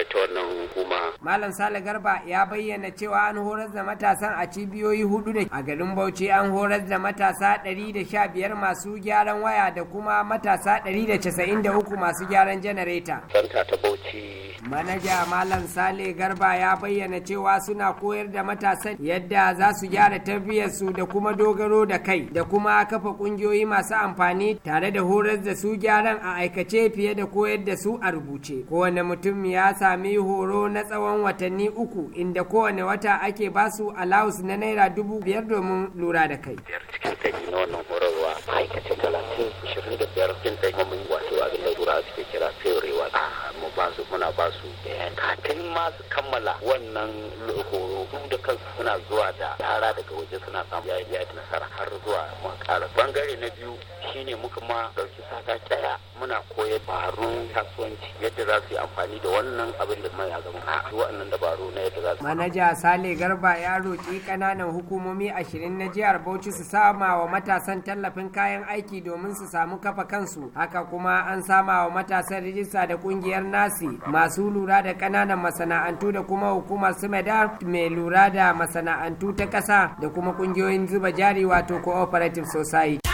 ita wannan hukuma. Malam Sale Garba ya bayyana cewa an horar da matasan a cibiyoyi hudu ne a garin Bauchi an horar da matasa 115 masu gyaran waya da kuma matasa 193 masu gyaran janareta. Santa ta Bauchi. Manaja Malam Sale Garba ya bayyana cewa suna koyar da matasan yadda za su gyara tarbiyyarsu da kuma dogaro da kai da kuma kafa kungiyoyi masu amfani tare da horar da su gyaran a aikace fiye da koyar da su a rubuce. Kowane mutum ya sa sami horo na tsawon watanni uku inda kowane wata ake ba basu allowance na naira dubu biyar domin lura da kai. Biyar cikin ɗari na wannan horarwa ma'aikacin talatin ashirin da biyar cikin ɗari kuma mun wato abin da lura suke kira fewarewa ah, mu ba su muna ba su katin ma su kammala wannan horo duk da kansu suna zuwa da tara daga waje suna samu yayi nasara har zuwa mu ƙara bangare na biyu shine muka ma ɗauki sata ɗaya muna koyar baro kasuwanci yadda za su yi amfani da wannan abin da mai zama a wannan dabaru na yadda za su manaja sale garba ya roƙi ƙananan hukumomi ashirin na jihar bauchi su sama wa matasan tallafin kayan aiki domin su samu kafa kansu haka kuma an sama wa matasan rijista da ƙungiyar nasi masu lura da ƙananan masana'antu da kuma hukumar sumeda mai lura da masana'antu ta ƙasa da kuma ƙungiyoyin zuba jari wato cooperative society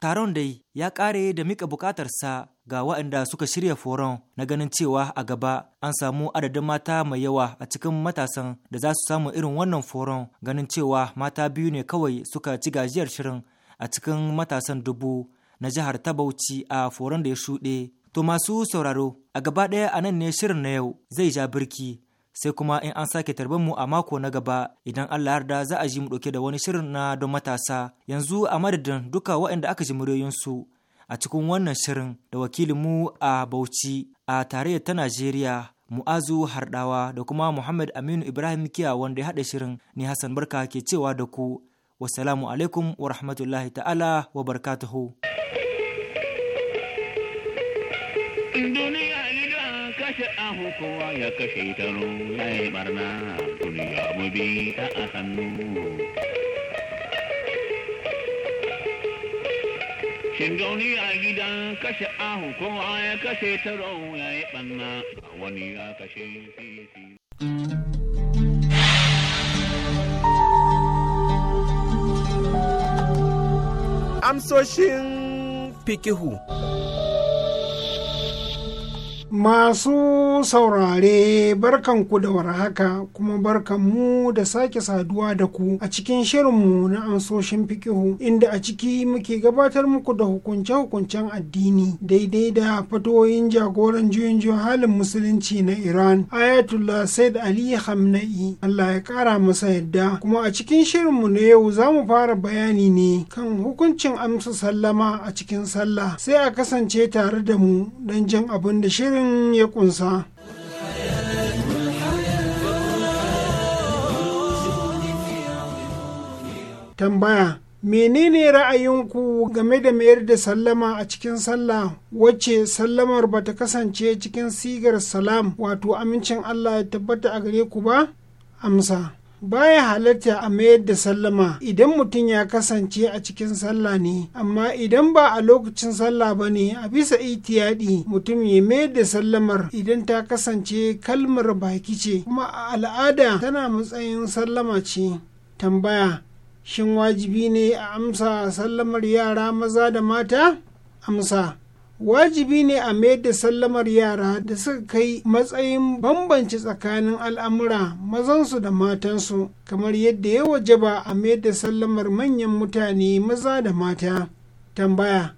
taron dai ya ƙare da mika bukatarsa ga waɗanda suka shirya foron na ganin cewa a gaba an samu adadin mata mai yawa a cikin matasan da za su samu irin wannan foron ganin cewa mata biyu ne kawai suka ci gajiyar shirin a cikin matasan dubu na jihar ta Bauchi a foron da ya shuɗe. To masu sauraro a gaba ɗaya a nan ne shirin na yau zai ja birki sai kuma in an sake tarban mu a mako na gaba idan Allah yarda za a ji mu dauke da wani shirin na don matasa yanzu a madadin duka waɗanda aka ji muryoyin su a cikin wannan shirin da wakilin mu a Bauchi a tarayyar ta Najeriya Mu'azu Hardawa da kuma Muhammad Aminu Ibrahim Kiya wanda ya haɗa shirin ni Hassan Barka ke cewa da ku wasalamu alaikum wa rahmatullahi ta'ala wa barakatuhu. Indonesia. Allahu kowa ya kashe ta ya yi barna duniya mu bi ta a hannu. Shin gauni a gidan kashe ahu kowa ya kashe ta ya yi barna wani ya kashe Amsoshin fikihu. Masu saurare barkanku da warhaka kuma barkanmu da sake saduwa da ku a cikin shirinmu na ansoshin fikihu inda a ciki muke gabatar muku da hukunce-hukuncen addini daidai da fatoyin jagoran juyin halin musulunci na Iran Ayatullah Said Ali Hamna'i Allah ya kara masa yadda kuma a cikin shirinmu na yau za mu fara bayani ne kan hukuncin amsa sallama a cikin sallah sai a kasance tare da mu don jin abin da shirin shirin ya kunsa. Tambaya menene ra'ayinku game da mayar da sallama a cikin sallah wacce sallamar ba ta kasance cikin sigar salam wato amincin Allah ya tabbata a gare ku ba? Amsa. baya halatta a mayar da sallama idan mutum ya kasance a cikin sallah ne amma idan ba a lokacin sallah ba ne a bisa itiyadi mutum ya mayar da sallamar idan ta kasance kalmar baki ce kuma a al'ada tana matsayin sallama ce tambaya shin wajibi ne a amsa sallamar yara maza da mata amsa wajibi ne a mayar da sallamar yara da suka kai matsayin bambanci tsakanin al'amura mazansu da matansu kamar yadda ya wajaba a mayar da sallamar manyan mutane maza da mata tambaya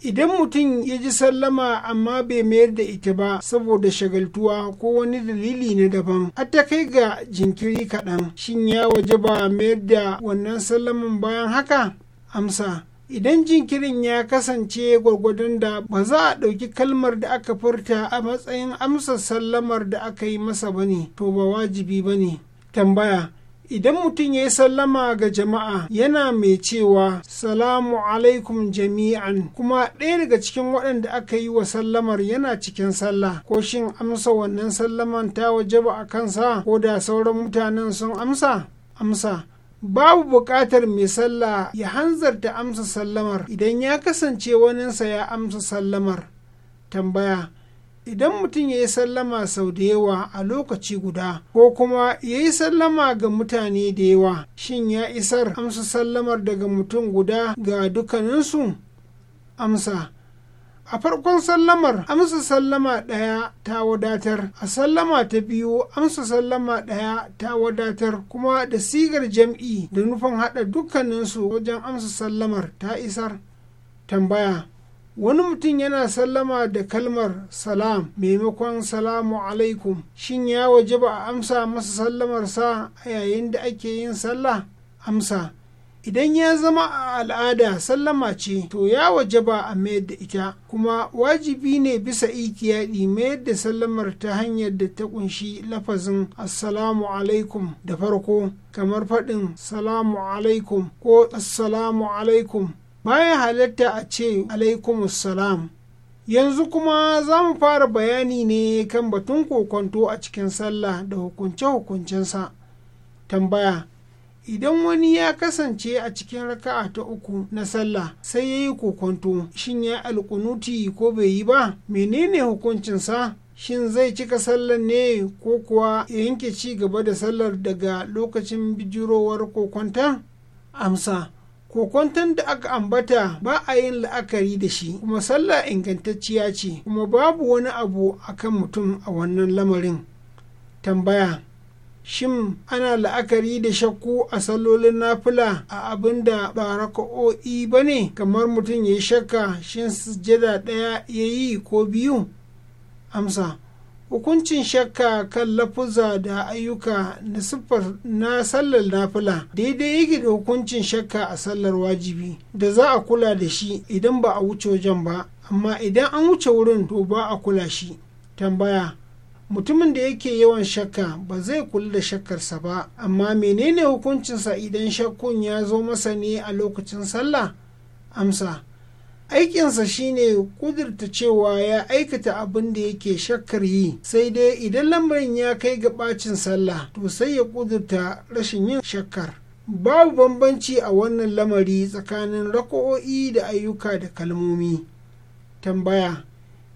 idan mutum ya ji sallama amma bai mayar da ita ba saboda shagaltuwa ko wani dalili na daban a ta kai ga jinkiri kaɗan shin ya waje ba mayar da wannan sallaman bayan haka amsa idan jinkirin ya kasance gwargwadon da ba za a ɗauki kalmar da aka furta a matsayin amsa sallamar da aka yi masa ba ne to ba wajibi ba ne tambaya idan mutum ya yi sallama ga jama'a yana mai cewa salamu alaikum jami'an kuma ɗaya daga cikin waɗanda aka yi wa sallamar yana cikin sallah ko shin amsa wannan sallaman ta wajaba a kansa ko da sauran mutanen sun amsa amsa babu buƙatar mai sallah ya hanzarta amsa sallamar idan ya kasance waninsa ya amsa sallamar tambaya idan mutum ya yi sallama sau da yawa a lokaci guda ko kuma ya yi sallama ga mutane da yawa shin ya isar amsa sallamar daga mutum guda ga dukkaninsu amsa a farkon sallamar amsa sallama ɗaya ta wadatar a sallama ta biyu amsa sallama ɗaya ta wadatar kuma da sigar jam'i da nufin haɗa dukkaninsu wajen amsa sallamar ta isar tambaya wani mutum yana sallama da kalmar salam maimakon salamu alaikum shin ya waje ba a amsa masa sallamar sa a yayin da ake yin sallah amsa idan ya zama a al'ada sallama ce to ya wajaba a mayar da ita kuma wajibi ne bisa ikiyaɗi mayar da sallamar ta hanyar da ta kunshi lafazin assalamu alaikum da farko kamar faɗin salamu alaikum ko assalamu alaikum bayan halatta a ce alaikumussalam yanzu kuma za mu fara bayani ne kan batun kokonto a cikin sallah da hukunce-hukuncensa tambaya idan wani ya kasance a cikin raka'a ta uku na sallah sai ya yi kokonto shin ya alkunuti ko bai yi ba menene hukuncinsa shin zai cika sallar ne ko kuwa ya yanke ci gaba da sallar daga lokacin bijirowar kokonta amsa kokwanton da aka ambata ba a yin la'akari da shi kuma sallah ingantacciya ce kuma babu wani abu akan mutum a wannan lamarin tambaya shin ana la'akari da shakku a salolin nafila a abin da ba raka'o'i ba ne kamar mutum ya yi shakka shin sujjada ɗaya ya yi ko biyu amsa hukuncin shakka kan lafuza da ayyuka na siffar na sallar nafila daidai yake da hukuncin shakka a sallar wajibi da za a kula da shi idan ba a wuce wajen ba amma idan an wuce wurin to ba a kula shi tambaya mutumin da yake yawan shakka ba zai kula da shakkarsa ba amma menene hukuncinsa idan shakkun ya zo masa ne a lokacin sallah amsa aikinsa shine kudurta cewa ya aikata abin da yake shakkar yi sai dai idan lamarin ya kai ga bacin sallah to sai ya kudurta rashin yin shakkar babu bambanci a wannan lamari tsakanin rako'o'i da ayyuka da kalmomi tambaya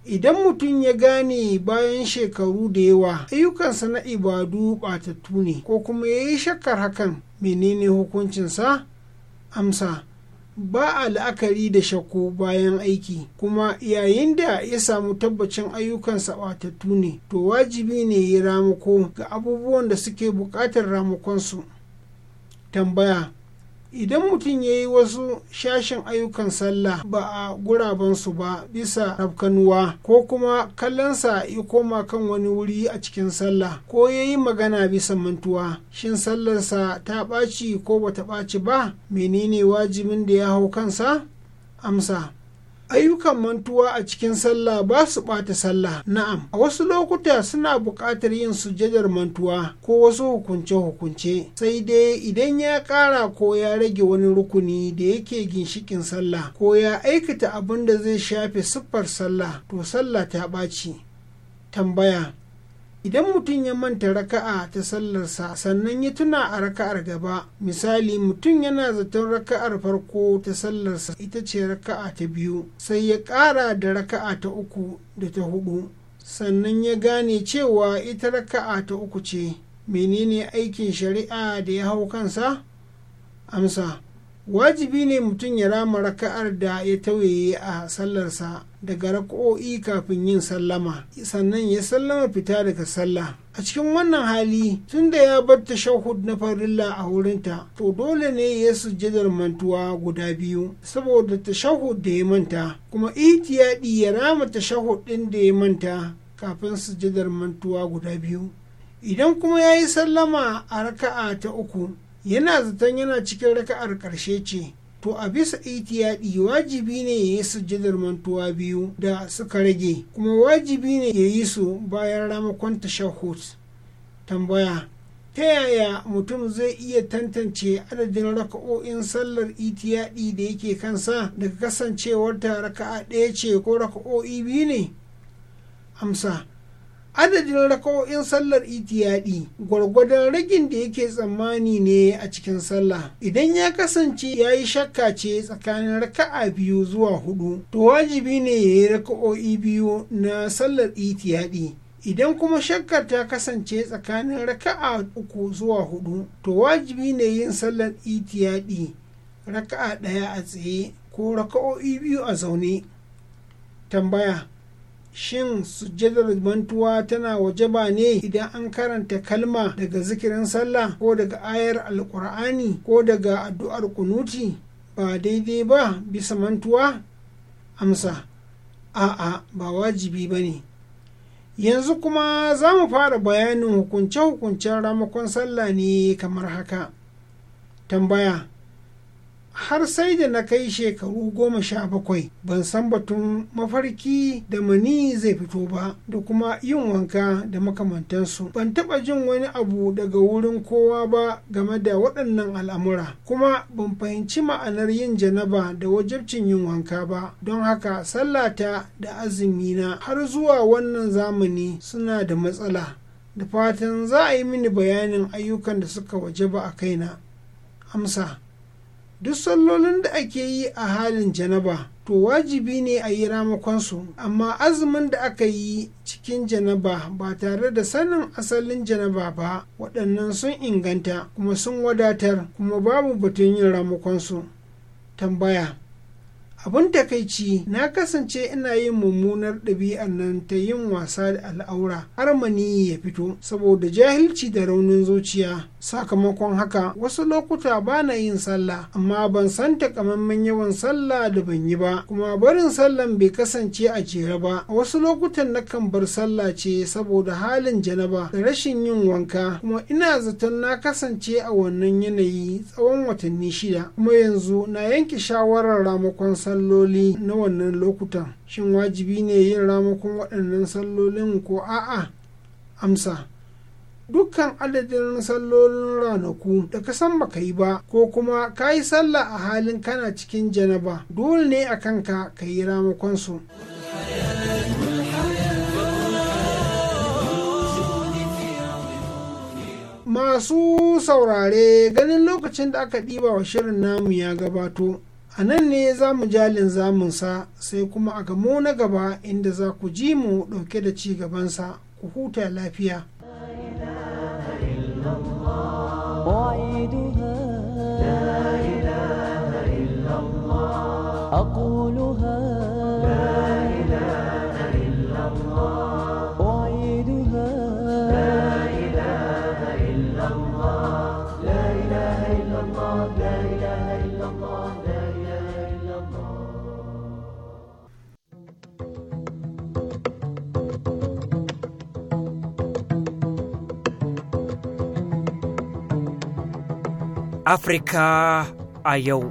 idan mutum ya gane bayan shekaru da yawa ayyukansa na ibadu ɓatattu ne ko kuma ya yi shakkar hakan menene hukuncinsa amsa ba a la'akari da shakku bayan aiki kuma yayin da ya samu tabbacin ayyukansa ɓatattu ne to wajibi ne ya ramako ga abubuwan da suke buƙatar ramakonsu tambaya idan mutum ya yi wasu shashin ayyukan sallah ba a gurabansu ba bisa rafkanuwa ko kuma kallonsa ya koma kan wani wuri a cikin sallah ko ya yi magana bisa mantuwa shin sallarsa ta ɓaci ko bata ɓaci ba menene wajibin da ya hau kansa amsa ayyukan mantuwa a cikin sallah ba su ɓata sallah na'am a wasu lokuta suna buƙatar yin sujadar mantuwa ko wasu hukunce-hukunce sai dai idan ya ƙara ko ya rage wani rukuni da yake ginshikin sallah ko ya aikata abin da zai shafe siffar sallah to sallah ta ɓaci tambaya idan mutum ya manta raka'a ta sallarsa sannan ya tuna a raka'ar gaba misali mutum yana zaton raka'ar farko ta sallarsa ita ce raka'a ta biyu sai ya ƙara da raka'a ta uku da ta hudu sannan ya gane cewa ita raka'a ta uku ce menene aikin shari'a da ya hau kansa amsa wajibi ne mutum ya rama raka'ar da ya tauye a sallarsa daga raka'o'i kafin yin sallama sannan ya sallama fita daga sallah a cikin wannan hali tun da ya bar ta shahud na farilla a wurinta to dole ne ya sujjadar mantuwa guda biyu saboda shahud da ya manta kuma itiyadi ya rama ta shahud ɗin da ya manta kafin sujjadar mantuwa guda biyu idan kuma ya yi sallama a raka'a ta uku yana zaton yana cikin raka'ar ƙarshe ce to a bisa itiyaɗi wajibi ne ya yi sujjadar mantuwa biyu da suka rage kuma wajibi ne ya yi su bayan ramakon tashahud tambaya ta yaya mutum zai iya tantance adadin raka'o'in sallar itiyaɗi da yake kansa daga kasancewarta raka'a ɗaya ce ko raka'o'i biyu ne amsa adadin raka'o'in sallar itiyadi gwargwadon ragin da yake tsammani ne a cikin sallah idan ya kasance ya yi shakka ce tsakanin raka'a biyu zuwa hudu to wajibi ne ya yi raka'o'i biyu na sallar itiyadi idan kuma shakkar ta kasance tsakanin raka'a uku zuwa hudu to wajibi ne yin sallar itiyadi raka'a ɗaya a tsaye ko raka'o'i biyu a zaune tambaya shin sujjadar mantuwa tana wajaba ne idan an karanta kalma daga zikirin sallah ko daga ayar alkur'ani ko daga addu'ar kunuti ba daidai ba bisa mantuwa amsa a'a ba wajibi ba ne yanzu kuma za mu fara bayanin hukunce-hukuncen ramakon sallah ne kamar haka tambaya har sai da na kai shekaru goma sha bakwai ban san batun mafarki da mani zai fito ba da kuma yin wanka da makamantansu ban taɓa jin wani abu daga wurin kowa ba game da waɗannan al'amura kuma ban fahimci ma'anar yin janaba da wajabcin yin wanka ba don haka sallata da azumina har zuwa wannan zamani suna da matsala da fatan za a yi mini bayanin ayyukan da suka wajaba a kaina amsa duk sallolin da ake yi a halin janaba to wajibi ne a yi ramakonsu amma azumin da aka yi cikin janaba ba tare da sanin asalin janaba ba waɗannan sun inganta kuma sun wadatar kuma babu batun yin ramakonsu tambaya abin takaici na kasance ina yin mummunar ɗabi'ar nan ta yin wasa da al'aura har maniyi ya fito saboda jahilci da raunin zuciya sakamakon haka wasu lokuta ba na yin sallah amma ban san takamaiman yawan sallah da ban yi ba kuma barin sallan bai kasance a jere ba A wasu lokutan kan bar sallah ce saboda halin janaba da rashin yin wanka kuma ina zaton na kasance a wannan yanayi tsawon watanni shida kuma yanzu na yanke shawarar ramakon salloli na wannan lokutan shin wajibi ne yin ramakon waɗannan sallolin ko a'a amsa dukkan adadin sallolin ranaku da ka san baka yi ba ko kuma ka yi sallah a halin kana cikin janaba dole ne a kanka ka yi ramakonsu. masu saurare ganin lokacin da aka ɗiba wa shirin namu ya gabato a nan ne za mu jalin zamunsa sai kuma a gamo na gaba inda za ku ji mu ɗauke da ci gabansa ku huta lafiya Afirka a yau.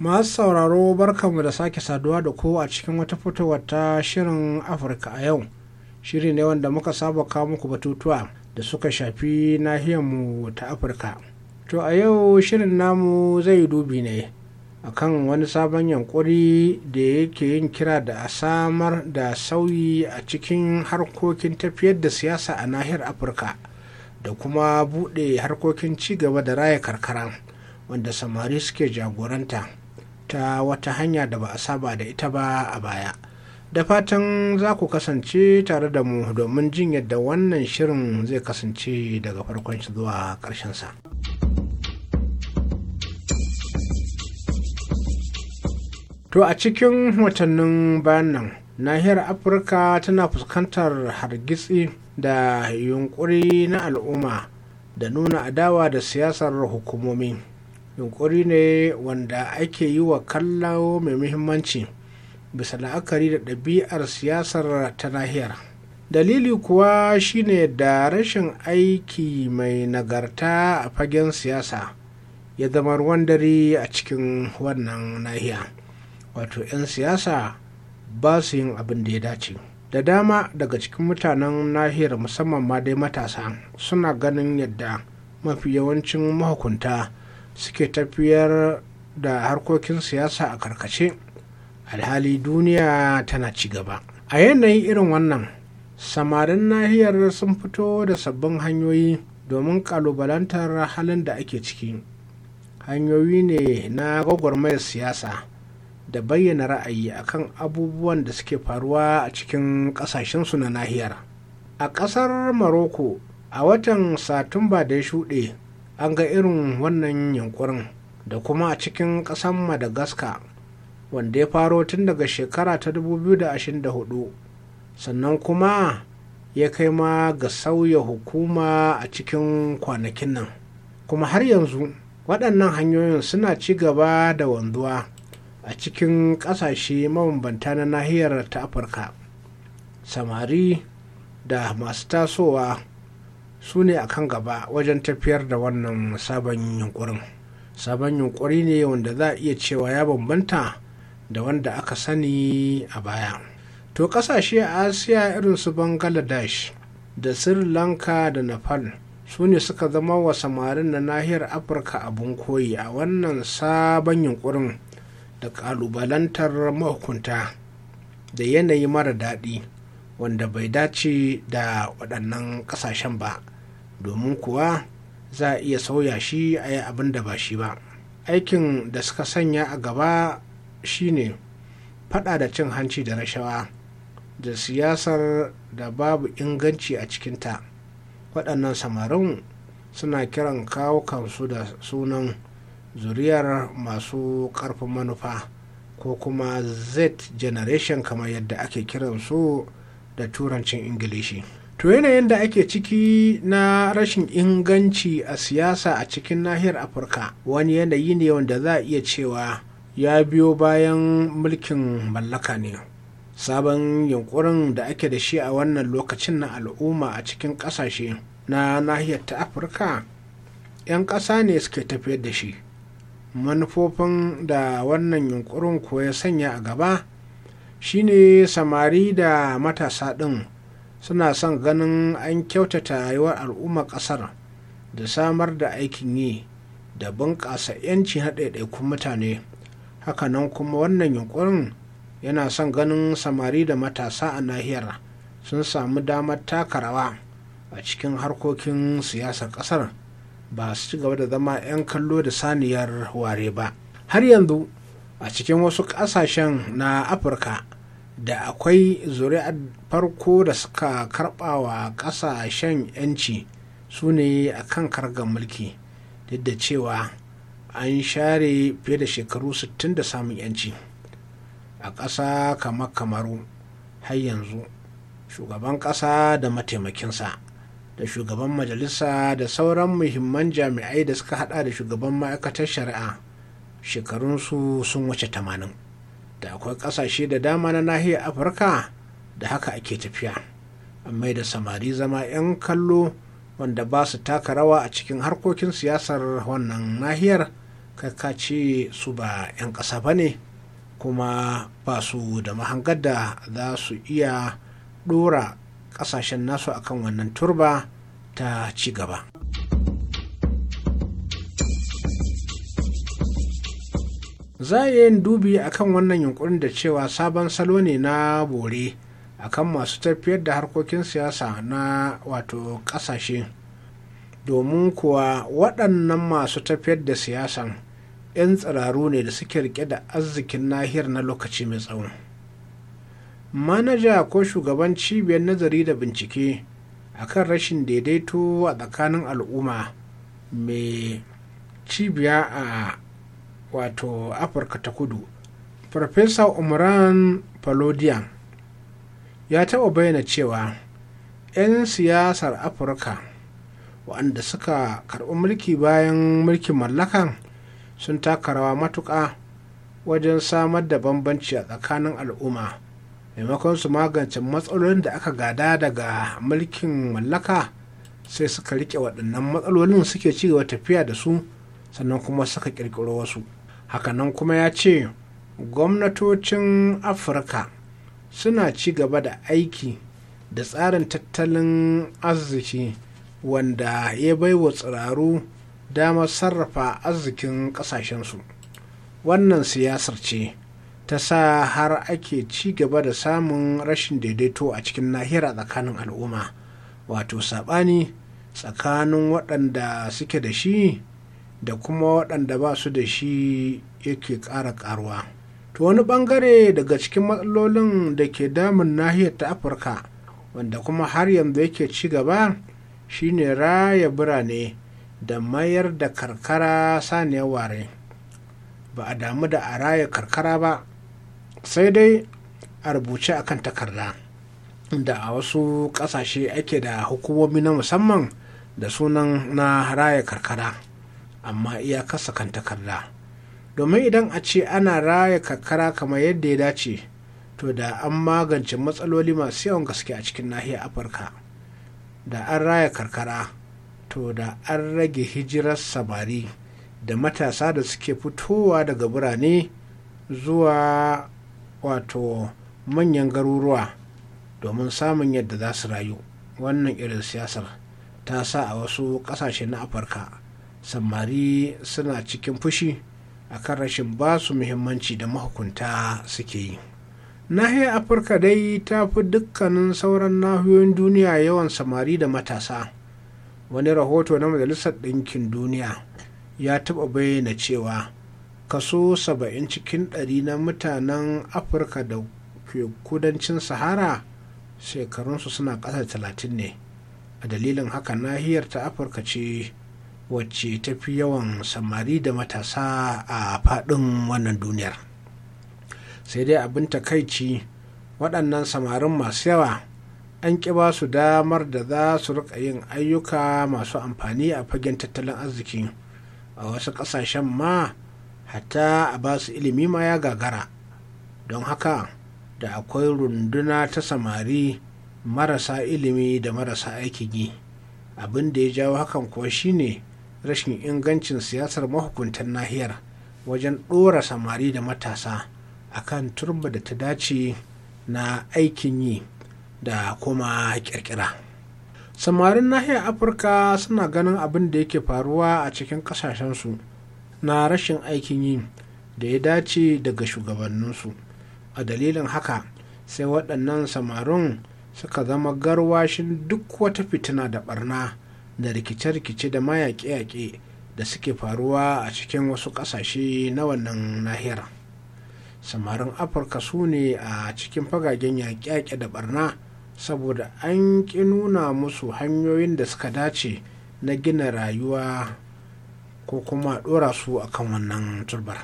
Masu sauraro barkanmu da sake saduwa da ku a cikin wata fitowar ta shirin Afirka a yau. Shiri ne wanda muka saba kawo muku batutuwa da suka shafi nahiyarmu ta Afirka. To a yau shirin namu zai dubi ne akan wani sabon yankuri da yake yin kira da a samar da sauyi a cikin harkokin tafiyar da siyasa a nahiyar Afirka. da kuma buɗe harkokin ci gaba da raya karkara wanda samari suke jagoranta ta wata hanya da ba a saba da ita ba a baya da fatan za ku kasance tare da mu domin jin yadda wannan shirin zai kasance daga farkon zuwa ƙarshensa. To a cikin watannin bayan nan nahiyar afirka tana fuskantar hargitsi da yunkuri na al'umma da nuna adawa da siyasar hukumomi yunkuri ne wanda ake yi wa kallo mai muhimmanci bisa la'akari da ɗabi'ar siyasar ta nahiyar dalili kuwa shine da rashin aiki mai nagarta a fagen siyasa ya zama ruwan dare a cikin wannan nahiya wato 'yan siyasa ba su yin abin da ya dace da dama daga cikin mutanen nahiyar musamman ma dai matasa suna ganin yadda mafi yawancin mahukunta suke tafiyar da harkokin siyasa a karkace alhali duniya tana ci gaba a yanayin irin wannan samarin nahiyar sun fito da sabbin hanyoyi domin kalubalantar halin da ake ciki hanyoyi ne na gwagwarmayar siyasa da bayyana ra'ayi akan abubuwan da suke faruwa a cikin ƙasashensu na nahiyar a ƙasar maroko a watan satumba da ya shuɗe an ga irin wannan yankurin da kuma a cikin ƙasar madagascar wanda ya faro tun daga shekara ta 2024 sannan kuma ya kai ma ga sauya hukuma a cikin kwanakin nan kuma har yanzu waɗannan hanyoyin suna ci gaba da wanzuwa a cikin ƙasashe mabambanta na nahiyar ta afirka samari da masu tasowa su ne akan gaba wajen tafiyar da wannan sabon yunkurin sabon yunkuri ne wanda za a iya cewa ya bambanta da wanda aka sani a baya to ƙasashe a asiya irin su bangladesh da sri lanka da nepal su ne suka zama wa samarin na nahiyar afirka abun koyi a wannan sabon yunkurin da ƙalubalantar mahukunta da yanayi mara daɗi wanda bai dace da waɗannan ƙasashen ba domin kuwa za a iya sauya shi a yi abin da ba shi ba aikin da suka sanya a gaba shine faɗa da cin hanci da rashawa da siyasar da babu inganci a cikinta waɗannan samarin suna kiran kawo kansu da sunan zuriyar masu ƙarfin manufa ko kuma z generation kamar yadda ake kiran su da turancin ingilishi to yanayin da ake ciki na rashin inganci a siyasa a cikin nahiyar afirka wani yanayi ne wanda za a iya cewa ya biyo bayan mulkin mallaka ne sabon yunkurin da ake da shi a wannan lokacin na al'umma a cikin ƙasashe na nahiyar ta afirka 'yan ƙasa ne suke tafiyar da shi manufofin da wannan yunkurin ko ya sanya a gaba shine samari da matasa ɗin suna son ganin an kyautata rayuwar al'umma ƙasar da samar da aikin yi da bunƙasa 'yanci na ɗaiɗaikun mutane hakanan kuma wannan yunkurin yana son ganin samari da matasa a nahiyar sun samu damar taka rawa a cikin harkokin siyasar ƙasar ba su ci gaba da zama 'yan kallo da saniyar ware ba har yanzu a cikin wasu ƙasashen na afirka da akwai zuri'ar farko da suka karɓa wa ƙasashen 'yanci su ne a kan kargar mulki duk da cewa an share fiye da shekaru 60 da samun 'yanci a ƙasa kamar kamaru har yanzu shugaban ƙasa da mataimakinsa da shugaban majalisa da sauran muhimman jami'ai da suka hada da shugaban ma'aikatar shari'a shekarunsu sun wuce tamanin da akwai kasashe da dama na nahiyar afirka da haka ake tafiya amma da samari zama 'yan kallo wanda ba su taka rawa a cikin harkokin siyasar wannan nahiyar kaka su ba 'yan ƙasa ba ne kuma ba su da mahangar da za su iya dora kasashen nasu akan wannan turba ta ci gaba. za a yin dubi akan wannan yunkurin da cewa sabon salo ne na bore akan masu tafiyar da harkokin siyasa na wato kasashe domin kuwa waɗannan masu tafiyar da siyasan 'yan tsiraru ne da suke rike da arzikin nahiyar na lokaci mai tsawo. manaja ko shugaban cibiyar nazari da bincike akan rashin daidaito a tsakanin al'umma mai cibiya a wato afirka ta kudu farfesa umran falodian ya taɓa bayyana cewa 'yan siyasar afirka waɗanda suka karɓi mulki bayan mulkin mallakan sun taka rawa matuƙa wajen samar da bambanci a tsakanin al'umma maimakon su magance matsalolin da aka gada daga mulkin mallaka sai suka rike waɗannan matsalolin suke ci gaba tafiya da su sannan kuma suka ƙirƙiro wasu hakanan kuma ya ce gwamnatocin afirka suna ci gaba da aiki da tsarin tattalin arziki wanda ya bai wa tsiraru damar sarrafa arzikin ƙasashensu wannan siyasar ce ta sa har ake ci gaba da samun rashin daidaito a cikin nahiyar a tsakanin al'umma wato saɓani tsakanin waɗanda suke da shi da kuma waɗanda ba su da shi yake ƙara ƙaruwa to wani ɓangare daga cikin matsalolin da ke damun nahiyar ta afirka wanda kuma har yanzu yake ci gaba shine raya birane da mayar da karkara saniyar ware ba a damu da a raya karkara ba sai dai a rubuce a kan takarda da a wasu ƙasashe ake da hukumomi na musamman da sunan na raya karkara amma iya kasa kan takarda domin idan a ce ana raya karkara kamar yadda ya dace to da an magance matsaloli masu yawan gaske a cikin nahiyar afirka da an raya karkara to da an rage hijirar samari da matasa da suke fitowa daga birane zuwa wato manyan garuruwa domin samun yadda za su rayu wannan irin siyasar ta sa a wasu ƙasashe na afirka samari suna cikin fushi a kan rashin ba su muhimmanci da mahukunta suke yi nahiyar afirka dai ta fi dukkanin sauran nahiyoyin duniya yawan samari da matasa wani rahoto na majalisar ɗinkin duniya ya taɓa bayyana cewa kaso 70 cikin ɗari na mutanen afirka da ke kudancin sahara shekarunsu suna ƙasa 30 ne a dalilin haka nahiyar ta afirka ce wacce ta fi yawan samari da matasa a faɗin wannan duniyar sai dai abin takaici waɗannan samarin masu yawa an ƙi ba su damar da za su riƙa yin ayyuka masu amfani a fagen tattalin arziki a wasu ƙasashen ma hatta a ba su ilimi ma ya gagara don haka da akwai runduna ta samari marasa ilimi da marasa aikin yi abin da ya jawo hakan kuwa shine rashin ingancin siyasar mahukuntan nahiyar wajen ɗora samari da matasa akan turba da ta dace na aikin yi da kuma kirkira samarin nahiyar afirka suna ganin abin da yake faruwa a cikin ƙasashensu na rashin aikin yi da ya dace daga shugabanninsu a dalilin haka sai waɗannan samarin suka zama garwashin duk wata fitina da barna da rikice-rikice da mayaƙe-yaƙe da suke faruwa a cikin wasu ƙasashe na wannan nahiyar samarin afirka su ne a cikin fagagen yaƙe-yaƙe da barna saboda an ƙi nuna musu hanyoyin da suka dace na gina rayuwa ko kuma ɗora su a kan wannan turbar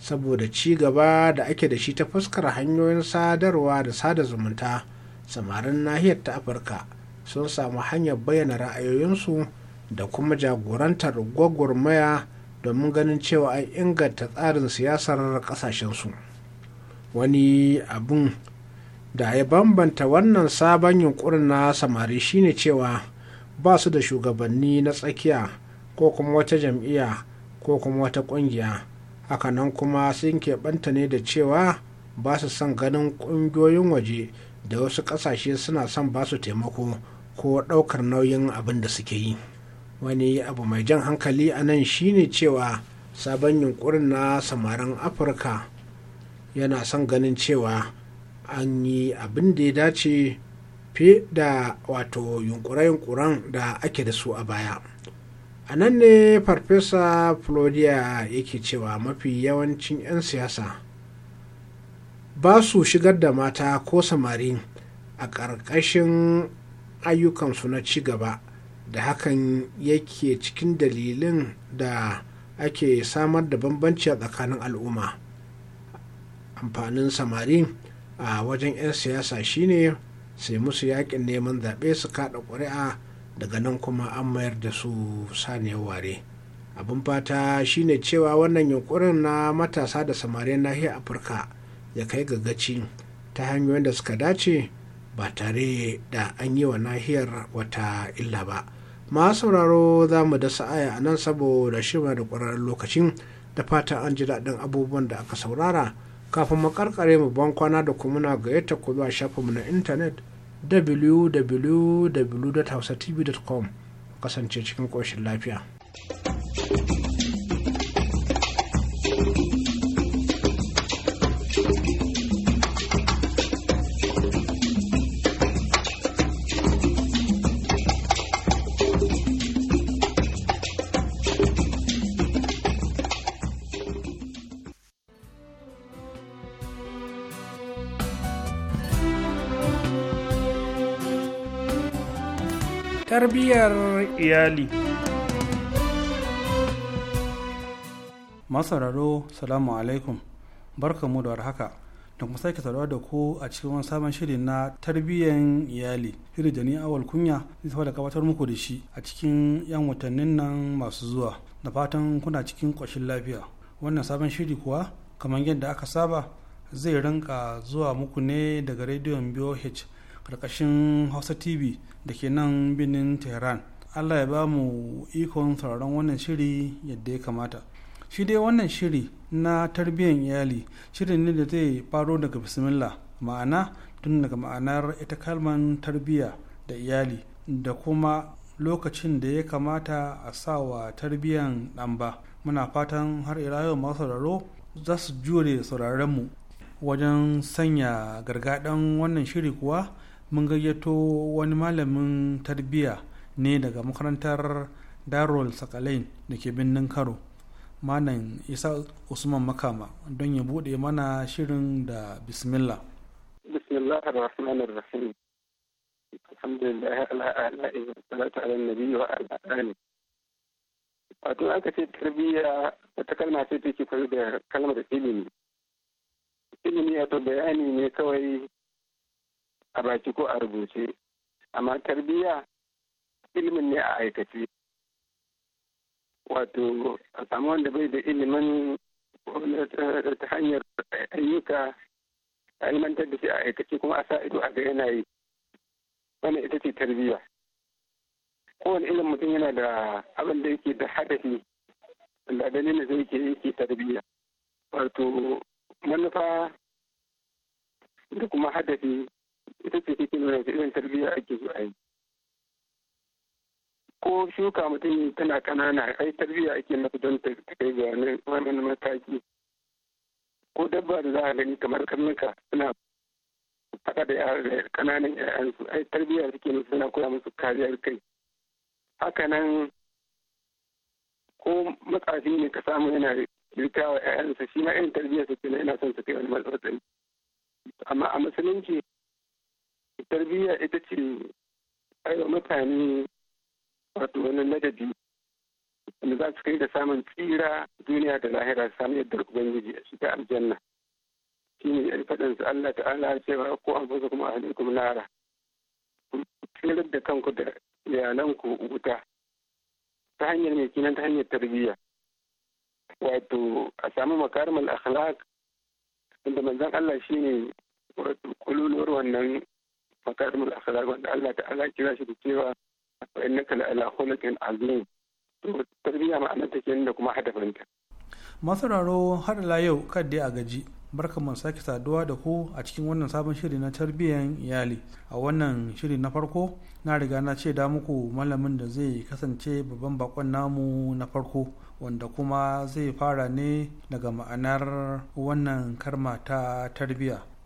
saboda ci gaba da ake da shi ta fuskar hanyoyin sadarwa da sada zumunta samarin nahiyar ta afirka sun samu hanyar bayyana ra'ayoyinsu da kuma jagorantar gwagwarmaya domin ganin cewa an inganta tsarin siyasar kasashensu wani abin da ya bambanta wannan sabon yunkurin na samari shine cewa ba su da shugabanni na tsakiya ko kuma wata jam'iyya ko kuma wata ƙungiya hakanan kuma sun keɓanta ne da cewa ba su son ganin ƙungiyoyin waje da wasu ƙasashe suna son ba su taimako ko ɗaukar nauyin abin da suke yi wani abu mai jan hankali a nan shine cewa sabon yunkurin na samarin afirka yana son ganin cewa an yi abin da ya dace fi da wato yunkure-yunkuren da ake da su a baya. a nan ne farfesa florida yake cewa mafi yawancin 'yan siyasa ba su shigar da mata ko samari a ƙarƙashin ayyukansu na ci gaba da hakan yake cikin dalilin da ake samar da bambanci a tsakanin al'umma amfanin samari a wajen 'yan siyasa shine sai musu yakin neman zaɓe su kaɗa ƙuri'a daga nan kuma an mayar da su saniyar ware abin fata shine cewa wannan yunkurin na matasa da samarin nahiyar afirka ya kai ga ta hanyoyin da suka dace ba tare da an yi wa nahiyar wata illa ba ma sauraro za mu da sa'aya a nan saboda shirma da ƙwararren lokacin da fatan an ji daɗin abubuwan da aka saurara kafin mu karkare mu ban kwana da kuma na gayyata ku zuwa shafinmu na intanet www.hausatv.com kasance cikin ƙoshin lafiya. thank you tarbiyyar iyali masararo salamu alaikum barkamu da warhaka da kuma sake saurawa da ku a cikin wani sabon shiri na tarbiyyar iyali shiri da ni awal kunya zai da gabatar muku da shi a cikin yan watannin nan masu zuwa da fatan kuna cikin ƙoshin lafiya wannan sabon shiri kuwa kamar yadda aka saba zai rinka zuwa muku ne daga rediyon boh karkashin hausa tv da ke nan birnin tehran allah ya ba mu ikon sauraron wannan shiri yadda ya kamata shi dai wannan shiri na tarbiyyar iyali shirin ne da zai faro daga bismillah ma'ana tun daga ma'anar ita kalman tarbiyya da iyali da kuma lokacin da ya kamata a sawa tarbiyyan ɗan ba muna fatan har ila yau masu sauraro za su jure sauraronmu wajen sanya gargaɗin wannan shiri kuwa mun gayyato wani malamin tarbiyya ne daga makarantar darul sakalain da ke birnin karo manan isa usman makama don ya bude mana shirin da bismillah bismillah ar-rahman ar-rahim alhamdulillah ala salatu ala nabi wa ala wato an ce tarbiyya wata kalma ce take koyo da kalmar ilimi ilimi to bayani ne kawai a baki ko a rubuce amma tarbiyya ilimin ne a aikace wato a samu wanda bai da ilimin eh, ta hanyar ayyuka a ilimantar da shi a aikace kuma a sa ido a ga yanayi. wani ita ce tarbiyya kowane ilimin mutum yana da abin da yake da hadafi da dalilin da yake yake tarbiyya wato manufa da kuma hadafi ita ce take nuna irin tarbiyya ake zuwa yi ko shuka mutum tana kanana ai tarbiyya ake masa don ta kai ga wannan mataki ko dabba da za a gani kamar karnuka suna faɗa da ƙananan 'ya'yansu ai tarbiyya suke musu suna koya musu kariyar kai hakanan ko matsafi ne ka samu yana rikawa wa 'ya'yansa shi ma irin tarbiyya su kenan yana son su kai wani matsatsari amma a musulunci tarbiyya ita ce aiwa mutane wato wani nagadi. wanda za su kai da samun tsira duniya da lahira su samu yadda ubangiji a shiga aljanna shi ne yan faɗin su Allah ta'ala cewa ko an fasa kuma a halittu nara tsirar da kanku da iyalanku wuta ta hanyar mai kinan ta hanyar tarbiyya wato a samu makarimar akhlaq inda manzan Allah shi ne wato kululuwar wannan fatarmul akhlaq da Allah ta'ala kira shi da cewa fa innaka la ala khuluqin azim to tarbiyya ma'anar take da kuma hadafinta masararo har la yau kan dai a gaji barka mun sake saduwa da ku a cikin wannan sabon shiri na tarbiyyar iyali a wannan shiri na farko na riga na ce da muku malamin da zai kasance babban bakon namu na farko wanda kuma zai fara ne daga ma'anar wannan karma ta tarbiyya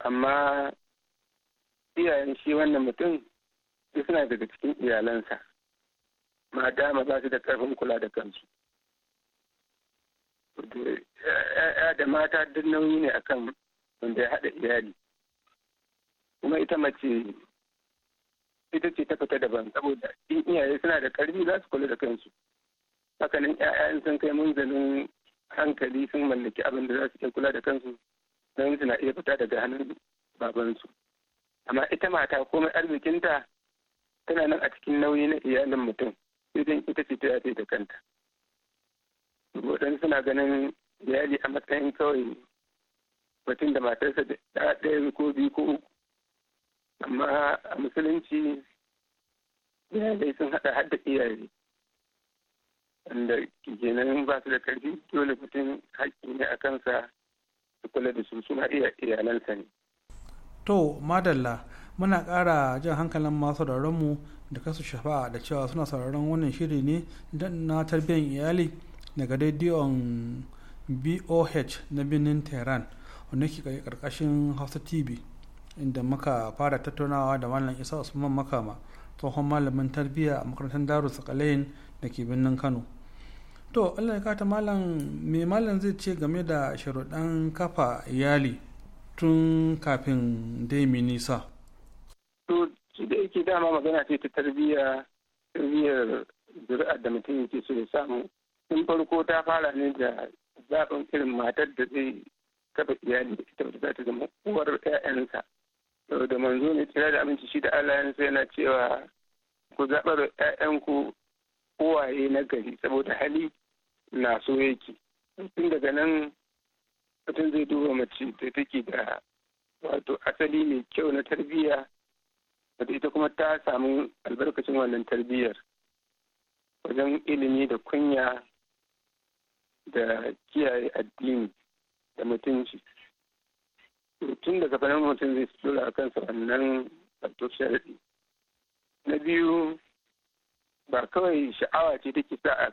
amma iyayen shi wannan mutum duk suna daga cikin iyalansa ma dama ba su da karfin kula da kansu ya da mata duk nauyi ne akan wanda ya haɗa iyali kuma ita mace ita ce ta fita daban saboda in iyaye suna da karfi za su kula da kansu hakanan 'ya'yan sun kai munzalin hankali sun mallaki abin da za su iya kula da kansu namiji na iya fita daga hannun babansu amma ita mata komai arzikinta tana nan a cikin nauyi na iyalin mutum idan ita ce ta yafe da kanta abodan suna ganin iyali a matsayin kawai mutum da matarsa da ɗaya ko biyu ko uku amma a musulunci iyalai sun haɗa har da iyaye wanda kenan ba su da ƙarfi dole mutum haƙƙi ne a kansa kula da su suna iya iyalansa ne. To, madalla, muna ƙara jan hankalin masu mu da kasu shafa da cewa suna sauraron wannan shiri ne na tarbiyyar iyali daga rediyon BOH na birnin Tehran wanda ke karkashin Hausa TV inda muka fara tattaunawa da Malam Isa Usman Makama tsohon malamin tarbiyya a makarantar Darus Sakalayin da ke birnin Kano. to allah ka ta malam me malam zai ce game da sharuɗan kafa iyali tun kafin dai mi nisa to shi da yake dama magana ce ta tarbiyya tarbiyyar zuri'ar da mutum yake so ya samu tun farko ta fara ne da zaɓin irin matar da zai kafa iyali da ita wata za ta zama uwar 'ya'yansa da manzo ne tsira da abinci shi da Allah yansa yana cewa ku zaɓar 'ya'yanku uwaye na gari saboda hali na so yake tun daga nan mutum zai duba mace da take da wato asali mai kyau na tarbiyya wato ita kuma ta samu albarkacin wannan tarbiyyar wajen ilimi da kunya da kiyaye addini da mutunci tun daga fanar mutum zai tura a kansa wannan wato sharaɗi na biyu ba kawai sha'awa ce take sa a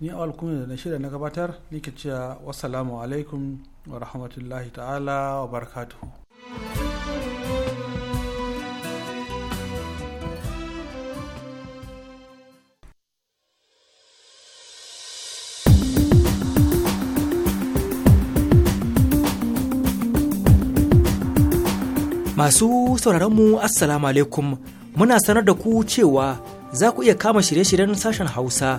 ni awal kuma da na shirya na gabatar nike cewa wassalamu alaikum wa rahmatullahi ta'ala wa barakatuhu Masu sauraronmu Assalamu alaikum muna sanar da ku cewa za ku iya kama shirye-shiryen sashen Hausa